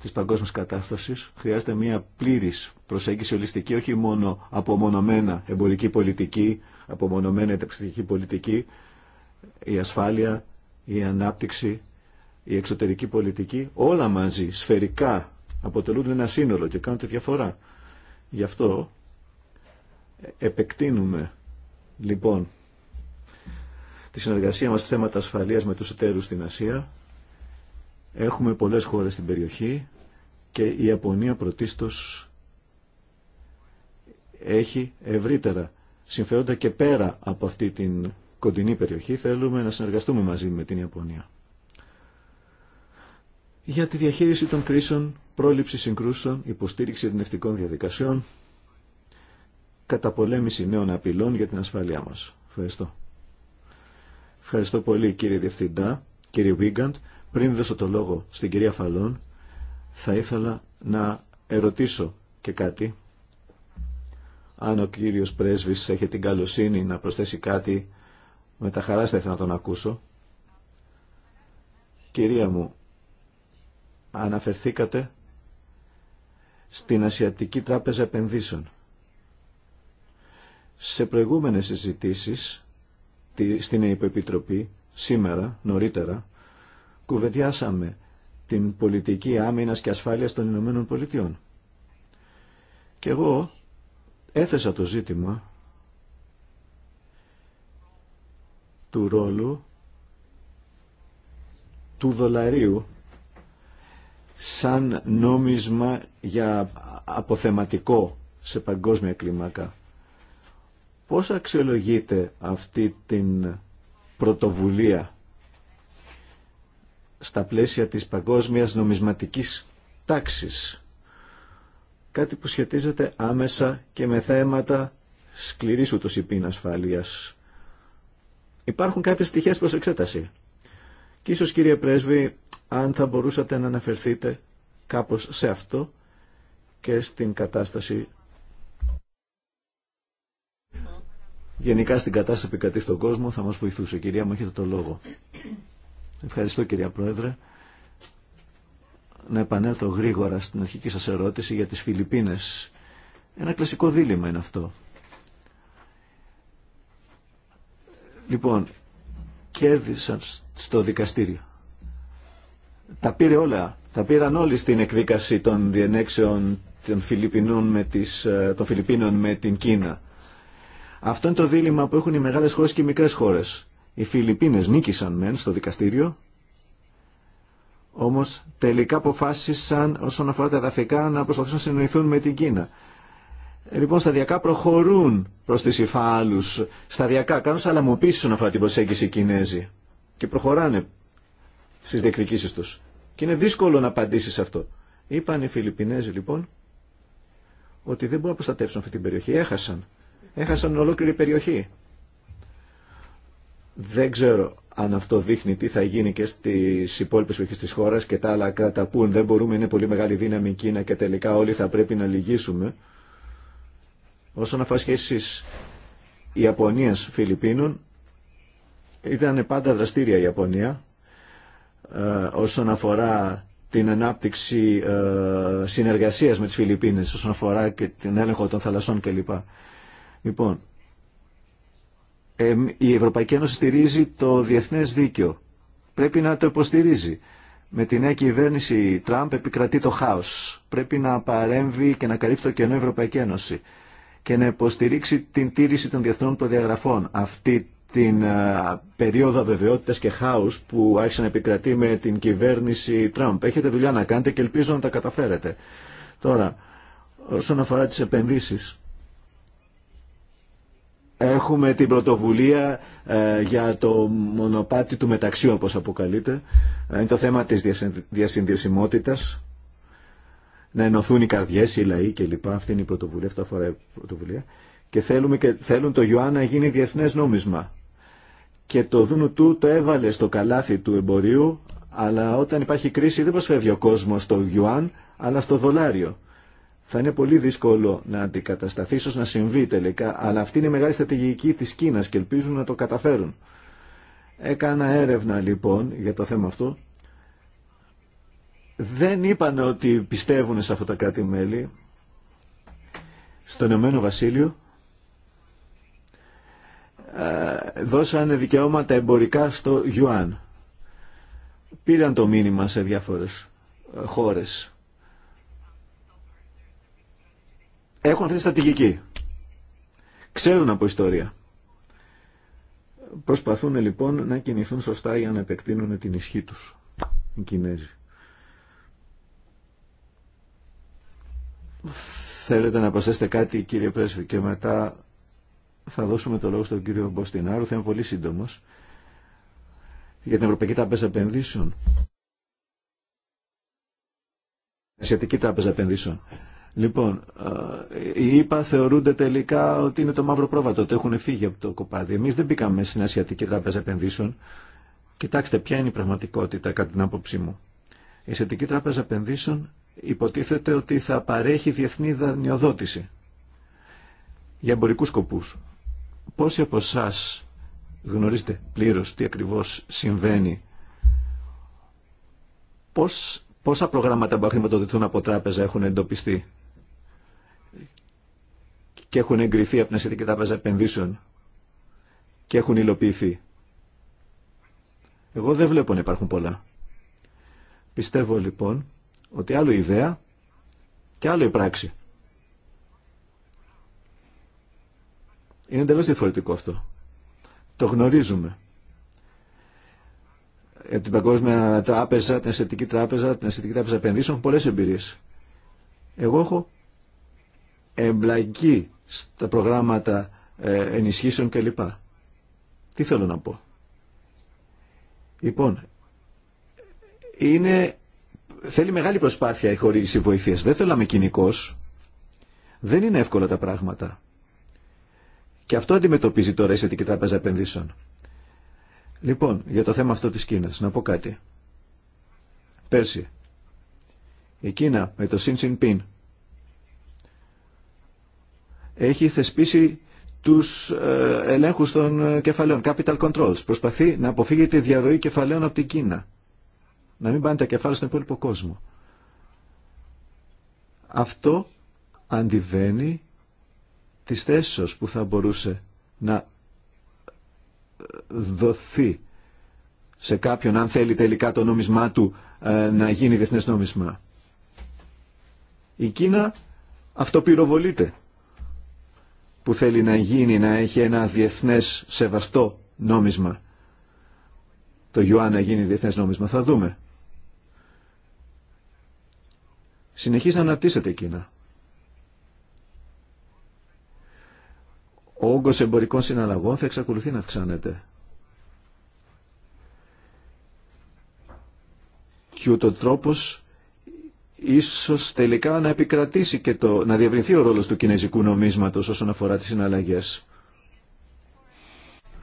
της παγκόσμιας κατάστασης. Χρειάζεται μια πλήρης προσέγγιση ολιστική, όχι μόνο απομονωμένα εμπορική πολιτική, απομονωμένα επιταξιδική πολιτική, η ασφάλεια, η ανάπτυξη, η εξωτερική πολιτική, όλα μαζί, σφαιρικά, αποτελούν ένα σύνολο και κάνουν τη διαφορά. Γι' αυτό ε, επεκτείνουμε, λοιπόν, τη συνεργασία μας θέματα ασφαλείας με τους εταίρους στην Ασία. Έχουμε πολλές χώρες στην περιοχή και η Ιαπωνία πρωτίστως έχει ευρύτερα συμφέροντα και πέρα από αυτή την κοντινή περιοχή θέλουμε να συνεργαστούμε μαζί με την Ιαπωνία. Για τη διαχείριση των κρίσεων, πρόληψη συγκρούσεων, υποστήριξη ειρηνευτικών διαδικασιών, καταπολέμηση νέων απειλών για την ασφαλειά μας. Ευχαριστώ. Ευχαριστώ πολύ κύριε Διευθυντά, κύριε Βίγκαντ. Πριν δώσω το λόγο στην κυρία Φαλών, θα ήθελα να ερωτήσω και κάτι. Αν ο κύριος πρέσβης έχει την καλοσύνη να προσθέσει κάτι με τα χαρά θα ήθελα να τον ακούσω. Κυρία μου, αναφερθήκατε στην Ασιατική Τράπεζα Επενδύσεων. Σε προηγούμενες συζητήσεις στην Επιτροπή, σήμερα, νωρίτερα, κουβεντιάσαμε την πολιτική άμυνας και ασφάλειας των Ηνωμένων Πολιτειών. Και εγώ έθεσα το ζήτημα του ρόλου του δολαρίου σαν νόμισμα για αποθεματικό σε παγκόσμια κλίμακα. Πώς αξιολογείτε αυτή την πρωτοβουλία στα πλαίσια της παγκόσμιας νομισματικής τάξης. Κάτι που σχετίζεται άμεσα και με θέματα σκληρής ούτως υπήν ασφαλείας. Υπάρχουν κάποιες πτυχές προς εξέταση. Και ίσως κύριε Πρέσβη, αν θα μπορούσατε να αναφερθείτε κάπως σε αυτό και στην κατάσταση Γενικά στην κατάσταση που στον κόσμο θα μας βοηθούσε. Κυρία μου, έχετε το λόγο. Ευχαριστώ κυρία Πρόεδρε. Να επανέλθω γρήγορα στην αρχική σας ερώτηση για τις Φιλιππίνες. Ένα κλασικό δίλημα είναι αυτό. Λοιπόν, κέρδισαν στο δικαστήριο. Τα πήρε όλα. Τα πήραν όλοι στην εκδίκαση των διενέξεων των Φιλιππινών με τις, ε, των Φιλιππίνων με την Κίνα. Αυτό είναι το δίλημα που έχουν οι μεγάλες χώρες και οι μικρές χώρες. Οι Φιλιππίνες νίκησαν μεν στο δικαστήριο, όμως τελικά αποφάσισαν όσον αφορά τα εδαφικά να προσπαθήσουν να συνοηθούν με την Κίνα λοιπόν σταδιακά προχωρούν προς τις υφάλου. σταδιακά κάνουν σαλαμοποίηση όσον αφορά την προσέγγιση οι Κινέζοι και προχωράνε στι διεκδικήσει του. Και είναι δύσκολο να απαντήσει αυτό. Είπαν οι Φιλιππινέζοι λοιπόν ότι δεν μπορούν να προστατεύσουν αυτή την περιοχή. Έχασαν. Έχασαν ολόκληρη περιοχή. Δεν ξέρω αν αυτό δείχνει τι θα γίνει και στι υπόλοιπε περιοχέ τη χώρα και τα άλλα κράτα που δεν μπορούμε, είναι πολύ μεγάλη δύναμη η Κίνα και τελικά όλοι θα πρέπει να λυγίσουμε. Όσον αφορά σχέσεις Ιαπωνίας-Φιλιππίνων, ήταν πάντα δραστήρια η Ιαπωνία ε, όσον αφορά την ανάπτυξη ε, συνεργασίας με τις Φιλιππίνες, όσον αφορά και την έλεγχο των θαλασσών κλπ. Λοιπόν, η Ευρωπαϊκή Ένωση στηρίζει το διεθνές δίκαιο. Πρέπει να το υποστηρίζει. Με την νέα κυβέρνηση Τραμπ επικρατεί το χάος. Πρέπει να παρέμβει και να καλύπτει το κενό Ευρωπαϊκή Ένωση και να υποστηρίξει την τήρηση των διεθνών προδιαγραφών. Αυτή την ε, περίοδο αβεβαιότητας και χάους που άρχισε να επικρατεί με την κυβέρνηση Τραμπ. Έχετε δουλειά να κάνετε και ελπίζω να τα καταφέρετε. Τώρα, όσον αφορά τις επενδύσεις, έχουμε την πρωτοβουλία ε, για το μονοπάτι του μεταξύ, όπως αποκαλείται. Ε, είναι το θέμα της διασυνδυσιμότητας να ενωθούν οι καρδιέ, οι λαοί κλπ. Αυτή είναι η πρωτοβουλία, αυτό αφορά η πρωτοβουλία. Και, θέλουμε και θέλουν το Ιωάννα να γίνει διεθνέ νόμισμα. Και το δούνου του το έβαλε στο καλάθι του εμπορίου, αλλά όταν υπάρχει κρίση δεν προσφεύγει ο κόσμο στο Ιωάν, αλλά στο δολάριο. Θα είναι πολύ δύσκολο να αντικατασταθεί, ίσω να συμβεί τελικά, αλλά αυτή είναι η μεγάλη στρατηγική τη κίνα και ελπίζουν να το καταφέρουν. Έκανα έρευνα λοιπόν για το θέμα αυτό δεν είπαν ότι πιστεύουν σε αυτά τα κάτι μελη Στον Ηνωμένο Βασίλειο ε, δώσανε δικαιώματα εμπορικά στο Ιουάν. Πήραν το μήνυμα σε διάφορες ε, χώρες. Έχουν αυτή τη στρατηγική. Ξέρουν από ιστορία. Προσπαθούν λοιπόν να κινηθούν σωστά για να επεκτείνουν την ισχύ τους οι Κινέζοι. Θέλετε να προσθέσετε κάτι κύριε Πρέσβη και μετά θα δώσουμε το λόγο στον κύριο Μποστινάρου, θα είμαι πολύ σύντομο για την Ευρωπαϊκή Τράπεζα Επενδύσεων. Ασιατική Τράπεζα Επενδύσεων. Λοιπόν, ε, οι ΙΠΑ θεωρούνται τελικά ότι είναι το μαύρο πρόβατο, ότι έχουν φύγει από το κοπάδι. Εμεί δεν μπήκαμε στην Ασιατική Τράπεζα Επενδύσεων. Κοιτάξτε, ποια είναι η πραγματικότητα κατά την άποψή μου. Η Ασιατική Τράπεζα Επενδύσεων υποτίθεται ότι θα παρέχει διεθνή δανειοδότηση για εμπορικού σκοπούς. Πόσοι από εσά γνωρίζετε πλήρως τι ακριβώς συμβαίνει, Πώς, πόσα προγράμματα που χρηματοδοτηθούν από τράπεζα έχουν εντοπιστεί και έχουν εγκριθεί από την Ασιατική Τράπεζα Επενδύσεων και έχουν υλοποιηθεί. Εγώ δεν βλέπω να υπάρχουν πολλά. Πιστεύω λοιπόν ότι άλλο η ιδέα και άλλο η πράξη. Είναι εντελώς διαφορετικό αυτό. Το γνωρίζουμε. Από ε, την Παγκόσμια Τράπεζα, την Ασιατική Τράπεζα, την Ασιατική Τράπεζα Επενδύσεων πολλές εμπειρίες. Εγώ έχω εμπλακεί στα προγράμματα ε, ενισχύσεων κλπ. Τι θέλω να πω. Λοιπόν, είναι Θέλει μεγάλη προσπάθεια η χορήγηση βοήθειας. Δεν θέλω να είμαι Δεν είναι εύκολα τα πράγματα. Και αυτό αντιμετωπίζει τώρα η Σετική Τράπεζα Επενδύσεων. Λοιπόν, για το θέμα αυτό της Κίνας, να πω κάτι. Πέρσι, η Κίνα με το Σιν Πιν έχει θεσπίσει τους ε, ελέγχους των ε, κεφαλαίων, capital controls. Προσπαθεί να αποφύγει τη διαρροή κεφαλαίων από την Κίνα να μην πάνε τα κεφάλαια στον υπόλοιπο κόσμο. Αυτό αντιβαίνει της θέσεως που θα μπορούσε να δοθεί σε κάποιον αν θέλει τελικά το νόμισμά του ε, να γίνει διεθνές νόμισμα. Η Κίνα αυτοπυροβολείται που θέλει να γίνει, να έχει ένα διεθνές σεβαστό νόμισμα. Το Ιωάννα γίνει διεθνές νόμισμα, θα δούμε συνεχίζει να αναπτύσσεται η Κίνα. Ο όγκος εμπορικών συναλλαγών θα εξακολουθεί να αυξάνεται. Και ούτω τρόπος ίσως τελικά να επικρατήσει και το, να διευρυνθεί ο ρόλος του κινέζικου νομίσματος όσον αφορά τις συναλλαγές.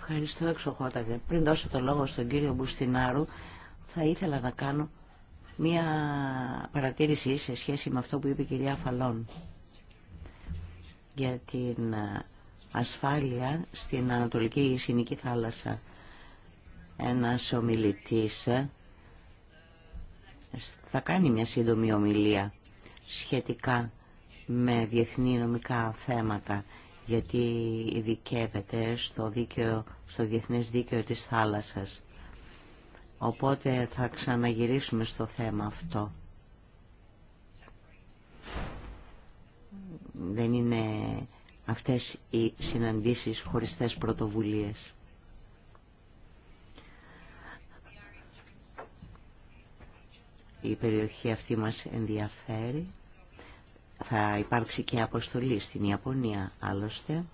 Ευχαριστώ εξοχότατε. Πριν δώσω το λόγο στον κύριο Μπουστινάρου, θα ήθελα να κάνω Μία παρατήρηση σε σχέση με αυτό που είπε η κυρία Φαλόν για την ε, ασφάλεια στην Ανατολική Ισηνική θάλασσα. Ένας ομιλητής ε, θα κάνει μια σύντομη ομιλία σχετικά με διεθνή νομικά θέματα γιατί ειδικεύεται στο, δίκαιο, στο διεθνές δίκαιο της θάλασσας. Οπότε θα ξαναγυρίσουμε στο θέμα αυτό. Δεν είναι αυτές οι συναντήσεις χωριστές πρωτοβουλίες. Η περιοχή αυτή μας ενδιαφέρει. Θα υπάρξει και αποστολή στην Ιαπωνία άλλωστε.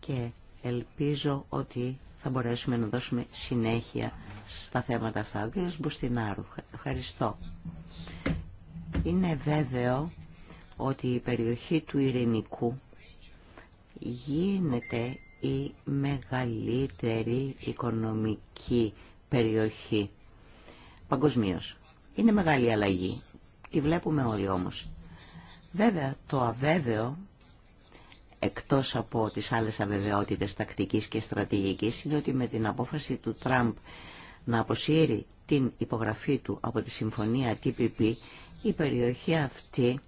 Και ελπίζω ότι θα μπορέσουμε να δώσουμε συνέχεια στα θέματα αυτά. Ο κ. Μπουστινάρου, ευχαριστώ. Είναι βέβαιο ότι η περιοχή του Ειρηνικού γίνεται η μεγαλύτερη οικονομική περιοχή παγκοσμίω. Είναι μεγάλη αλλαγή. Τη βλέπουμε όλοι όμως. Βέβαια, το αβέβαιο εκτός από τις άλλες αβεβαιότητες τακτικής και στρατηγικής είναι ότι με την απόφαση του Τραμπ να αποσύρει την υπογραφή του από τη συμφωνία TPP η περιοχή αυτή,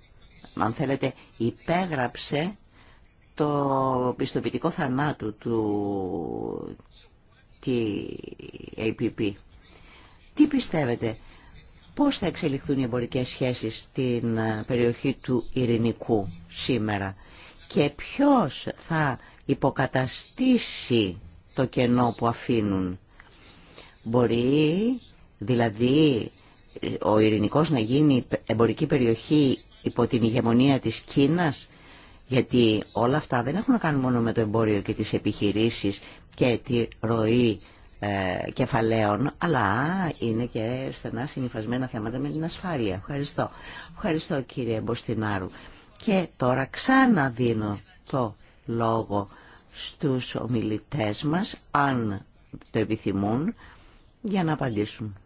αν θέλετε, υπέγραψε το πιστοποιητικό θανάτου του TPP. Τι πιστεύετε, πώς θα εξελιχθούν οι εμπορικές σχέσεις στην περιοχή του Ειρηνικού σήμερα και ποιος θα υποκαταστήσει το κενό που αφήνουν. Μπορεί δηλαδή ο ειρηνικός να γίνει εμπορική περιοχή υπό την ηγεμονία της Κίνας γιατί όλα αυτά δεν έχουν να κάνουν μόνο με το εμπόριο και τις επιχειρήσεις και τη ροή ε, κεφαλαίων, αλλά είναι και στενά συνειφασμένα θέματα με την ασφάλεια. Ευχαριστώ. Ευχαριστώ κύριε Μποστινάρου. Και τώρα ξαναδίνω το λόγο στους ομιλητές μας, αν το επιθυμούν, για να απαντήσουν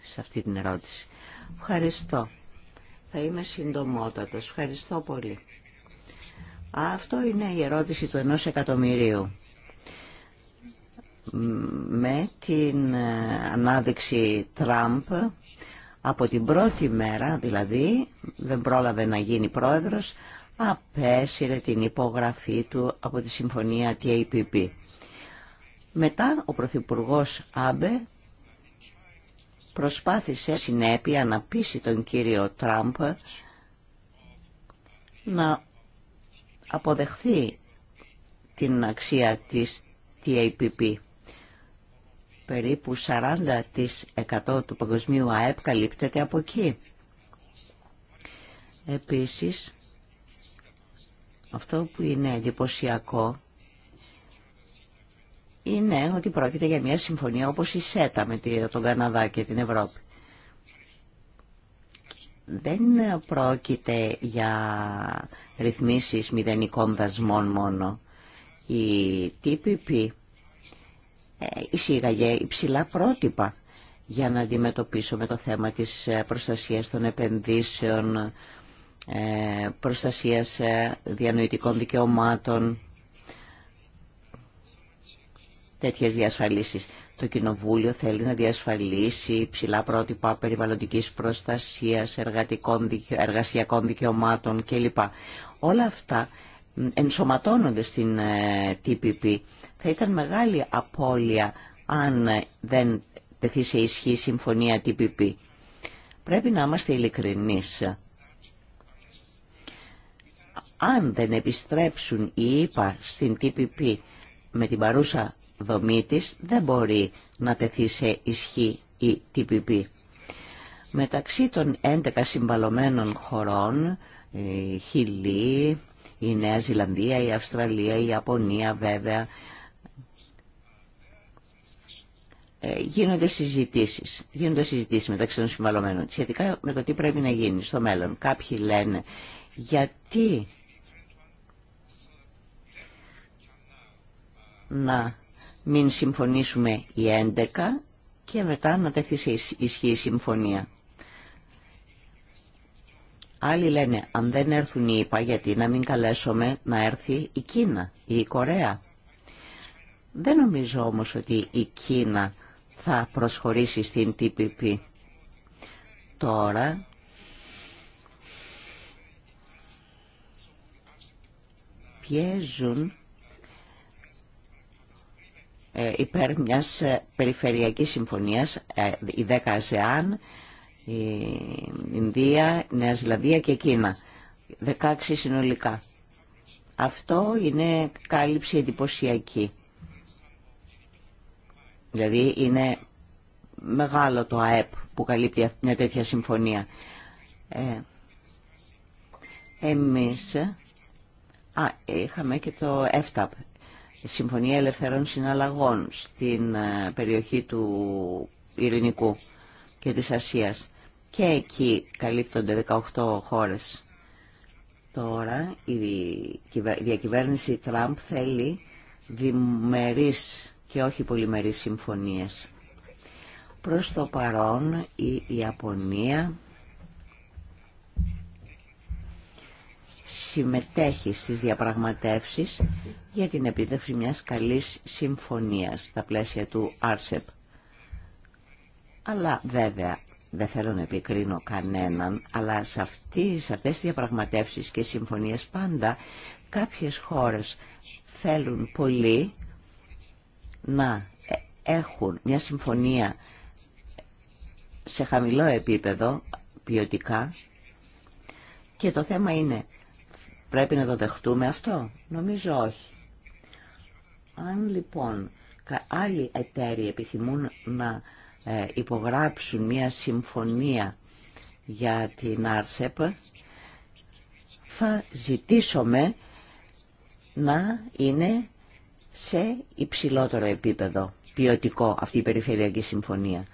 σε αυτή την ερώτηση. Ευχαριστώ. Θα είμαι συντομότατος. Ευχαριστώ πολύ. Αυτό είναι η ερώτηση του ενός εκατομμυρίου. Με την ε, ανάδειξη Τραμπ από την πρώτη μέρα δηλαδή, δεν πρόλαβε να γίνει πρόεδρος, απέσυρε την υπογραφή του από τη συμφωνία TAPP. Μετά ο Πρωθυπουργό Άμπε προσπάθησε συνέπεια να πείσει τον κύριο Τραμπ να αποδεχθεί την αξία της TAPP περίπου 40% του παγκοσμίου ΑΕΠ καλύπτεται από εκεί. Επίσης, αυτό που είναι εντυπωσιακό είναι ότι πρόκειται για μια συμφωνία όπως η ΣΕΤΑ με τον Καναδά και την Ευρώπη. Δεν πρόκειται για ρυθμίσεις μηδενικών δασμών μόνο. Η TPP ε, εισήγαγε υψηλά πρότυπα για να αντιμετωπίσουμε το θέμα της ε, προστασίας των επενδύσεων, ε, προστασίας διανοητικών δικαιωμάτων, τέτοιες διασφαλίσεις. Το Κοινοβούλιο θέλει να διασφαλίσει ψηλά πρότυπα περιβαλλοντικής προστασίας, εργατικών, εργασιακών δικαιωμάτων κλπ. Όλα αυτά ενσωματώνονται στην ε, TPP. Θα ήταν μεγάλη απώλεια αν δεν τεθεί σε ισχύ η συμφωνία TPP. Πρέπει να είμαστε ειλικρινεί. Αν δεν επιστρέψουν οι ΙΠΑ στην TPP με την παρούσα δομή της, δεν μπορεί να τεθεί σε ισχύ η TPP. Μεταξύ των 11 συμβαλωμένων χωρών, η ε, Χιλή, η Νέα Ζηλανδία, η Αυστραλία, η Ιαπωνία βέβαια. Ε, γίνονται συζητήσεις, γίνονται συζητήσεις μεταξύ των συμβαλωμένων σχετικά με το τι πρέπει να γίνει στο μέλλον. Κάποιοι λένε γιατί να μην συμφωνήσουμε οι 11 και μετά να τεθεί σε ισχύ η συμφωνία. Άλλοι λένε, αν δεν έρθουν οι ΙΠΑ, γιατί να μην καλέσουμε να έρθει η Κίνα ή η Κορέα. Δεν νομίζω όμως ότι η Κίνα θα προσχωρήσει στην TPP. Τώρα πιέζουν ε, υπέρ μιας ε, περιφερειακής συμφωνίας, ε, η 10 ΑΣΕΑΝ, η Ινδία, η Νέα Ζηλανδία και η Κίνα. 16 συνολικά. Αυτό είναι κάλυψη εντυπωσιακή. Δηλαδή είναι μεγάλο το ΑΕΠ που καλύπτει μια τέτοια συμφωνία. Ε, εμείς α, είχαμε και το ΕΦΤΑΠ, Συμφωνία Ελευθερών Συναλλαγών στην ε, περιοχή του Ειρηνικού και της Ασίας και εκεί καλύπτονται 18 χώρες. Τώρα η διακυβέρνηση Τραμπ θέλει διμερείς και όχι πολυμερείς συμφωνίες. Προς το παρόν η Ιαπωνία συμμετέχει στις διαπραγματεύσεις για την επίτευξη μιας καλής συμφωνίας στα πλαίσια του Άρσεπ. Αλλά βέβαια δεν θέλω να επικρίνω κανέναν, αλλά σε, αυτή, σε αυτές τις διαπραγματεύσεις και συμφωνίες πάντα κάποιες χώρες θέλουν πολύ να έχουν μια συμφωνία σε χαμηλό επίπεδο ποιοτικά και το θέμα είναι πρέπει να το δεχτούμε αυτό. Νομίζω όχι. Αν λοιπόν άλλοι εταίροι επιθυμούν να ε, υπογράψουν μια συμφωνία για την ΑΡΣΕΠ θα ζητήσουμε να είναι σε υψηλότερο επίπεδο ποιοτικό αυτή η περιφερειακή συμφωνία.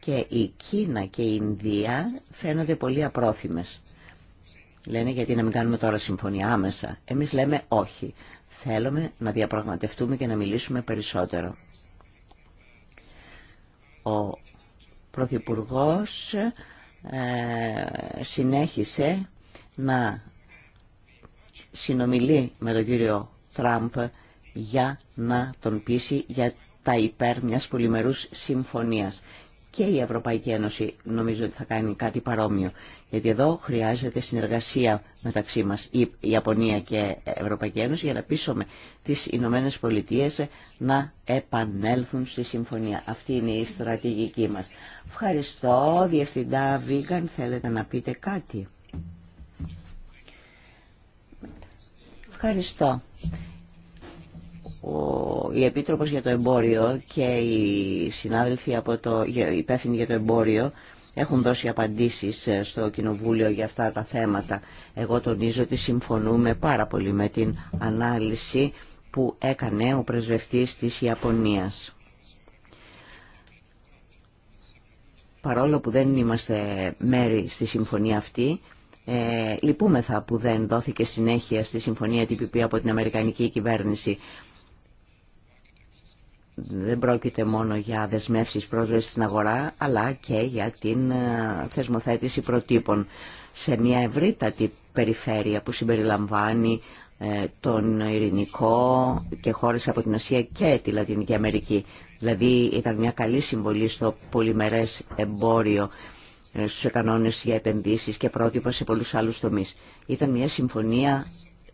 Και η Κίνα και η Ινδία φαίνονται πολύ απρόθυμες. Λένε γιατί να μην κάνουμε τώρα συμφωνία άμεσα. Εμείς λέμε όχι. Θέλουμε να διαπραγματευτούμε και να μιλήσουμε περισσότερο ο Πρωθυπουργός ε, συνέχισε να συνομιλεί με τον κύριο Τραμπ για να τον πείσει για τα υπέρ μιας πολυμερούς συμφωνίας και η Ευρωπαϊκή Ένωση νομίζω ότι θα κάνει κάτι παρόμοιο. Γιατί εδώ χρειάζεται συνεργασία μεταξύ μας, η Ιαπωνία και η Ευρωπαϊκή Ένωση, για να πείσουμε τις Ηνωμένε Πολιτείε να επανέλθουν στη συμφωνία. Αυτή είναι η στρατηγική μας. Ευχαριστώ. Διευθυντά Βίγκαν, θέλετε να πείτε κάτι. Ευχαριστώ ο, η Επίτροπος για το Εμπόριο και οι συνάδελφοι από το, υπεύθυνοι για το εμπόριο έχουν δώσει απαντήσεις ε, στο Κοινοβούλιο για αυτά τα θέματα. Εγώ τονίζω ότι συμφωνούμε πάρα πολύ με την ανάλυση που έκανε ο πρεσβευτής της Ιαπωνίας. Παρόλο που δεν είμαστε μέρη στη συμφωνία αυτή, ε, λυπούμεθα που δεν δόθηκε συνέχεια στη συμφωνία TPP από την Αμερικανική κυβέρνηση. Δεν πρόκειται μόνο για δεσμεύσεις πρόσβασης στην αγορά, αλλά και για την ε, θεσμοθέτηση προτύπων σε μια ευρύτατη περιφέρεια που συμπεριλαμβάνει ε, τον Ειρηνικό και χώρες από την Ασία και τη Λατινική Αμερική. Δηλαδή ήταν μια καλή συμβολή στο πολυμερές εμπόριο Στου κανόνε για επενδύσει και πρότυπα σε πολλού άλλου τομεί. Ήταν μια συμφωνία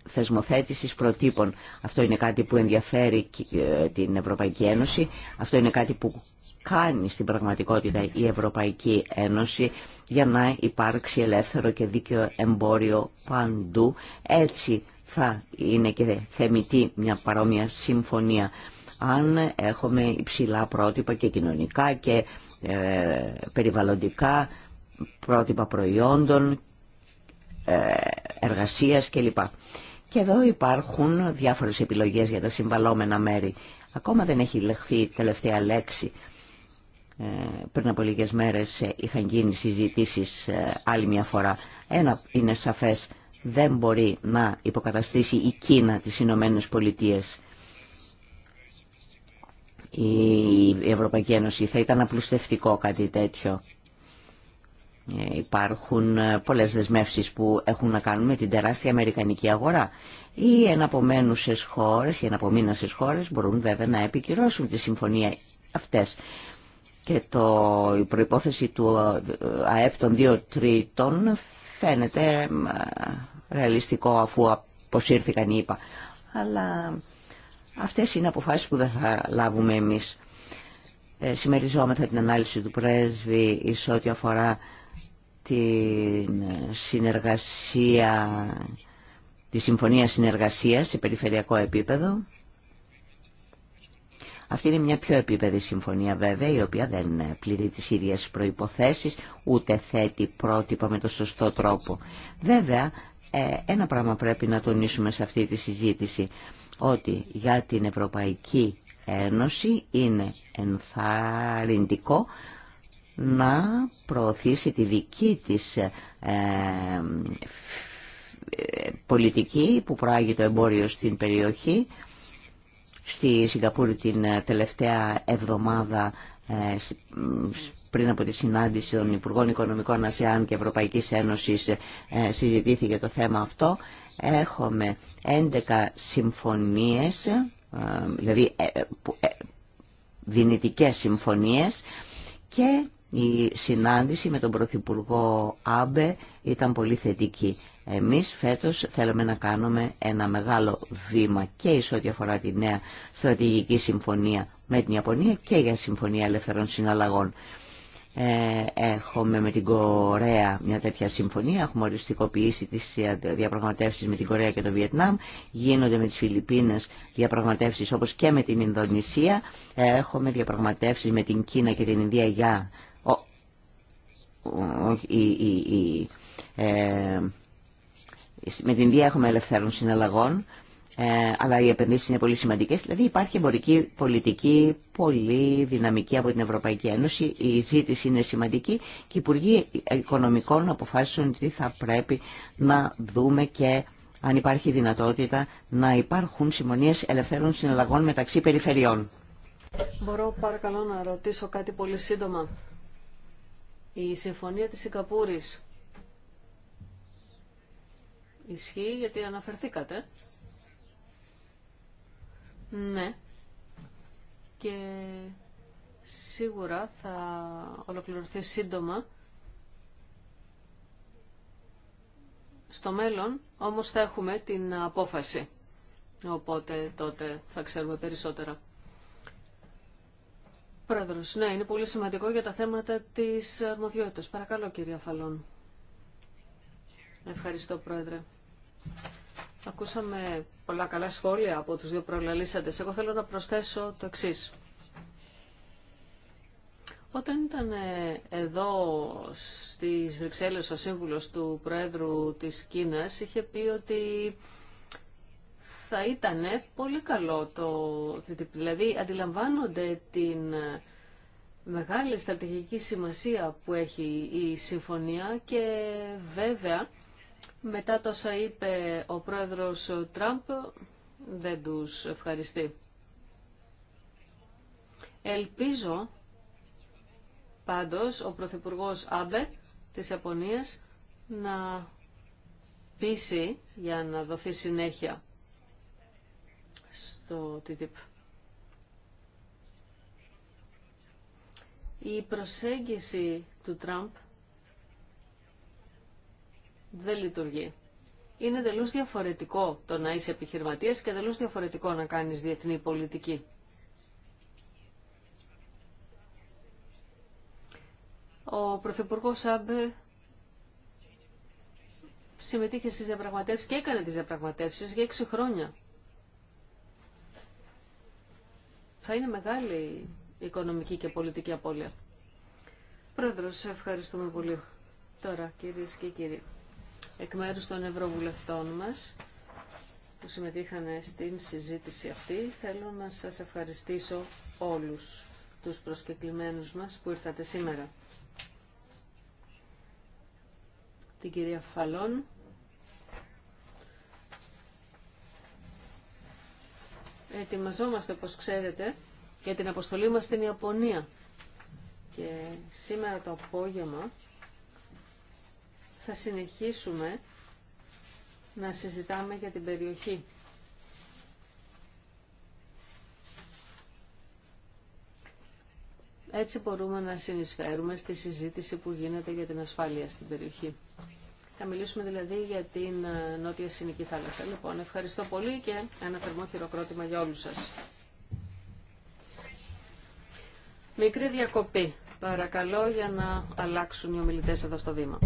θεσμοθέτηση προτύπων. Αυτό είναι κάτι που ενδιαφέρει ε, την Ευρωπαϊκή Ένωση. Αυτό είναι κάτι που κάνει στην πραγματικότητα η Ευρωπαϊκή Ένωση για να υπάρξει ελεύθερο και δίκαιο εμπόριο παντού. Έτσι θα είναι και θεμητή μια παρόμοια συμφωνία αν έχουμε υψηλά πρότυπα και κοινωνικά και ε, περιβαλλοντικά, πρότυπα προϊόντων, ε, εργασίας κλπ. Και εδώ υπάρχουν διάφορες επιλογές για τα συμβαλόμενα μέρη. Ακόμα δεν έχει λεχθεί η τελευταία λέξη. Ε, πριν από λίγες μέρες είχαν γίνει συζητήσεις άλλη μια φορά. Ένα είναι σαφές, δεν μπορεί να υποκαταστήσει η Κίνα τις Ηνωμένε Πολιτείες η Ευρωπαϊκή Ένωση. Θα ήταν απλουστευτικό κάτι τέτοιο. Ε, υπάρχουν ε, πολλές δεσμεύσεις που έχουν να κάνουν με την τεράστια αμερικανική αγορά. Οι εναπομένουσες χώρες, οι εναπομείνωσες χώρες μπορούν βέβαια να επικυρώσουν τη συμφωνία αυτές. Και το, η προϋπόθεση του ε, ΑΕΠ των δύο τρίτων φαίνεται ρεαλιστικό αφού αποσύρθηκαν οι ΙΠΑ. Αλλά Αυτές είναι αποφάσεις που δεν θα λάβουμε εμείς. Ε, την ανάλυση του πρέσβη εις ό,τι αφορά την συνεργασία, τη συμφωνία συνεργασίας σε περιφερειακό επίπεδο. Αυτή είναι μια πιο επίπεδη συμφωνία βέβαια, η οποία δεν πληρεί τις ίδιες προϋποθέσεις, ούτε θέτει πρότυπα με το σωστό τρόπο. Βέβαια, ε, ένα πράγμα πρέπει να τονίσουμε σε αυτή τη συζήτηση ότι για την Ευρωπαϊκή Ένωση είναι ενθαρρυντικό να προωθήσει τη δική της ε, πολιτική που προάγει το εμπόριο στην περιοχή. Στη Σιγκαπούρη την ε, τελευταία εβδομάδα ε, πριν από τη συνάντηση των Υπουργών Οικονομικών Ασιαν και Ευρωπαϊκής Ένωσης ε, συζητήθηκε το θέμα αυτό. Έχουμε 11 συμφωνίες, ε, δηλαδή δυνητικές συμφωνίες και η συνάντηση με τον Πρωθυπουργό Άμπε ήταν πολύ θετική. Εμείς φέτος θέλουμε να κάνουμε ένα μεγάλο βήμα και εις ό,τι αφορά τη νέα στρατηγική συμφωνία με την Ιαπωνία και για συμφωνία ελευθερών συναλλαγών. Ε, έχουμε με την Κορέα μια τέτοια συμφωνία, έχουμε οριστικοποιήσει τις διαπραγματεύσεις με την Κορέα και το Βιετνάμ, γίνονται με τις Φιλιππίνες διαπραγματεύσεις όπως και με την Ινδονησία, ε, έχουμε διαπραγματεύσεις με την Κίνα και την Ινδία για... Ο, η, ε, με την Ινδία έχουμε ελευθέρων συναλλαγών, ε, αλλά οι επενδύσεις είναι πολύ σημαντικές. Δηλαδή υπάρχει εμπορική πολιτική πολύ δυναμική από την Ευρωπαϊκή Ένωση, η ζήτηση είναι σημαντική και οι Υπουργοί Οικονομικών αποφάσισαν ότι θα πρέπει να δούμε και αν υπάρχει δυνατότητα να υπάρχουν συμφωνίε ελευθέρων συναλλαγών μεταξύ περιφερειών. Μπορώ παρακαλώ να ρωτήσω κάτι πολύ σύντομα. Η συμφωνία της Σικαπούρης Ισχύει γιατί αναφερθήκατε. Ναι. Και σίγουρα θα ολοκληρωθεί σύντομα. Στο μέλλον όμως θα έχουμε την απόφαση. Οπότε τότε θα ξέρουμε περισσότερα. Πρόεδρος, ναι, είναι πολύ σημαντικό για τα θέματα της αρμοδιότητας. Παρακαλώ κυρία Φαλών. Ευχαριστώ πρόεδρε. Ακούσαμε πολλά καλά σχόλια από τους δύο προλαλήσαντες. Εγώ θέλω να προσθέσω το εξής. Όταν ήταν ε, εδώ στις Βρυξέλλες ο σύμβουλος του Πρόεδρου της Κίνας είχε πει ότι θα ήταν πολύ καλό το Δηλαδή αντιλαμβάνονται την ε, μεγάλη στρατηγική σημασία που έχει η συμφωνία και βέβαια μετά τόσα είπε ο πρόεδρος Τραμπ, δεν τους ευχαριστεί. Ελπίζω πάντως ο Πρωθυπουργός Άμπε της Ιαπωνίας να πείσει για να δοθεί συνέχεια στο TTIP. Η προσέγγιση του Τραμπ δεν λειτουργεί. Είναι εντελώ διαφορετικό το να είσαι επιχειρηματίας και εντελώ διαφορετικό να κάνεις διεθνή πολιτική. Ο Πρωθυπουργό Σάμπε συμμετείχε στις διαπραγματεύσεις και έκανε τις διαπραγματεύσεις για έξι χρόνια. Θα είναι μεγάλη η οικονομική και πολιτική απώλεια. Πρόεδρος, ευχαριστούμε πολύ. Τώρα, κυρίες και κύριοι εκ μέρους των Ευρωβουλευτών μας που συμμετείχαν στην συζήτηση αυτή. Θέλω να σας ευχαριστήσω όλους τους προσκεκλημένους μας που ήρθατε σήμερα. Την κυρία Φαλόν, ετοιμαζόμαστε, όπως ξέρετε, για την αποστολή μας στην Ιαπωνία. Και σήμερα το απόγευμα θα συνεχίσουμε να συζητάμε για την περιοχή. Έτσι μπορούμε να συνεισφέρουμε στη συζήτηση που γίνεται για την ασφάλεια στην περιοχή. Θα μιλήσουμε δηλαδή για την ε, Νότια Συνική Θάλασσα. Λοιπόν, ευχαριστώ πολύ και ένα θερμό χειροκρότημα για όλους σας. Μικρή διακοπή, παρακαλώ, για να αλλάξουν οι ομιλητές εδώ στο βήμα.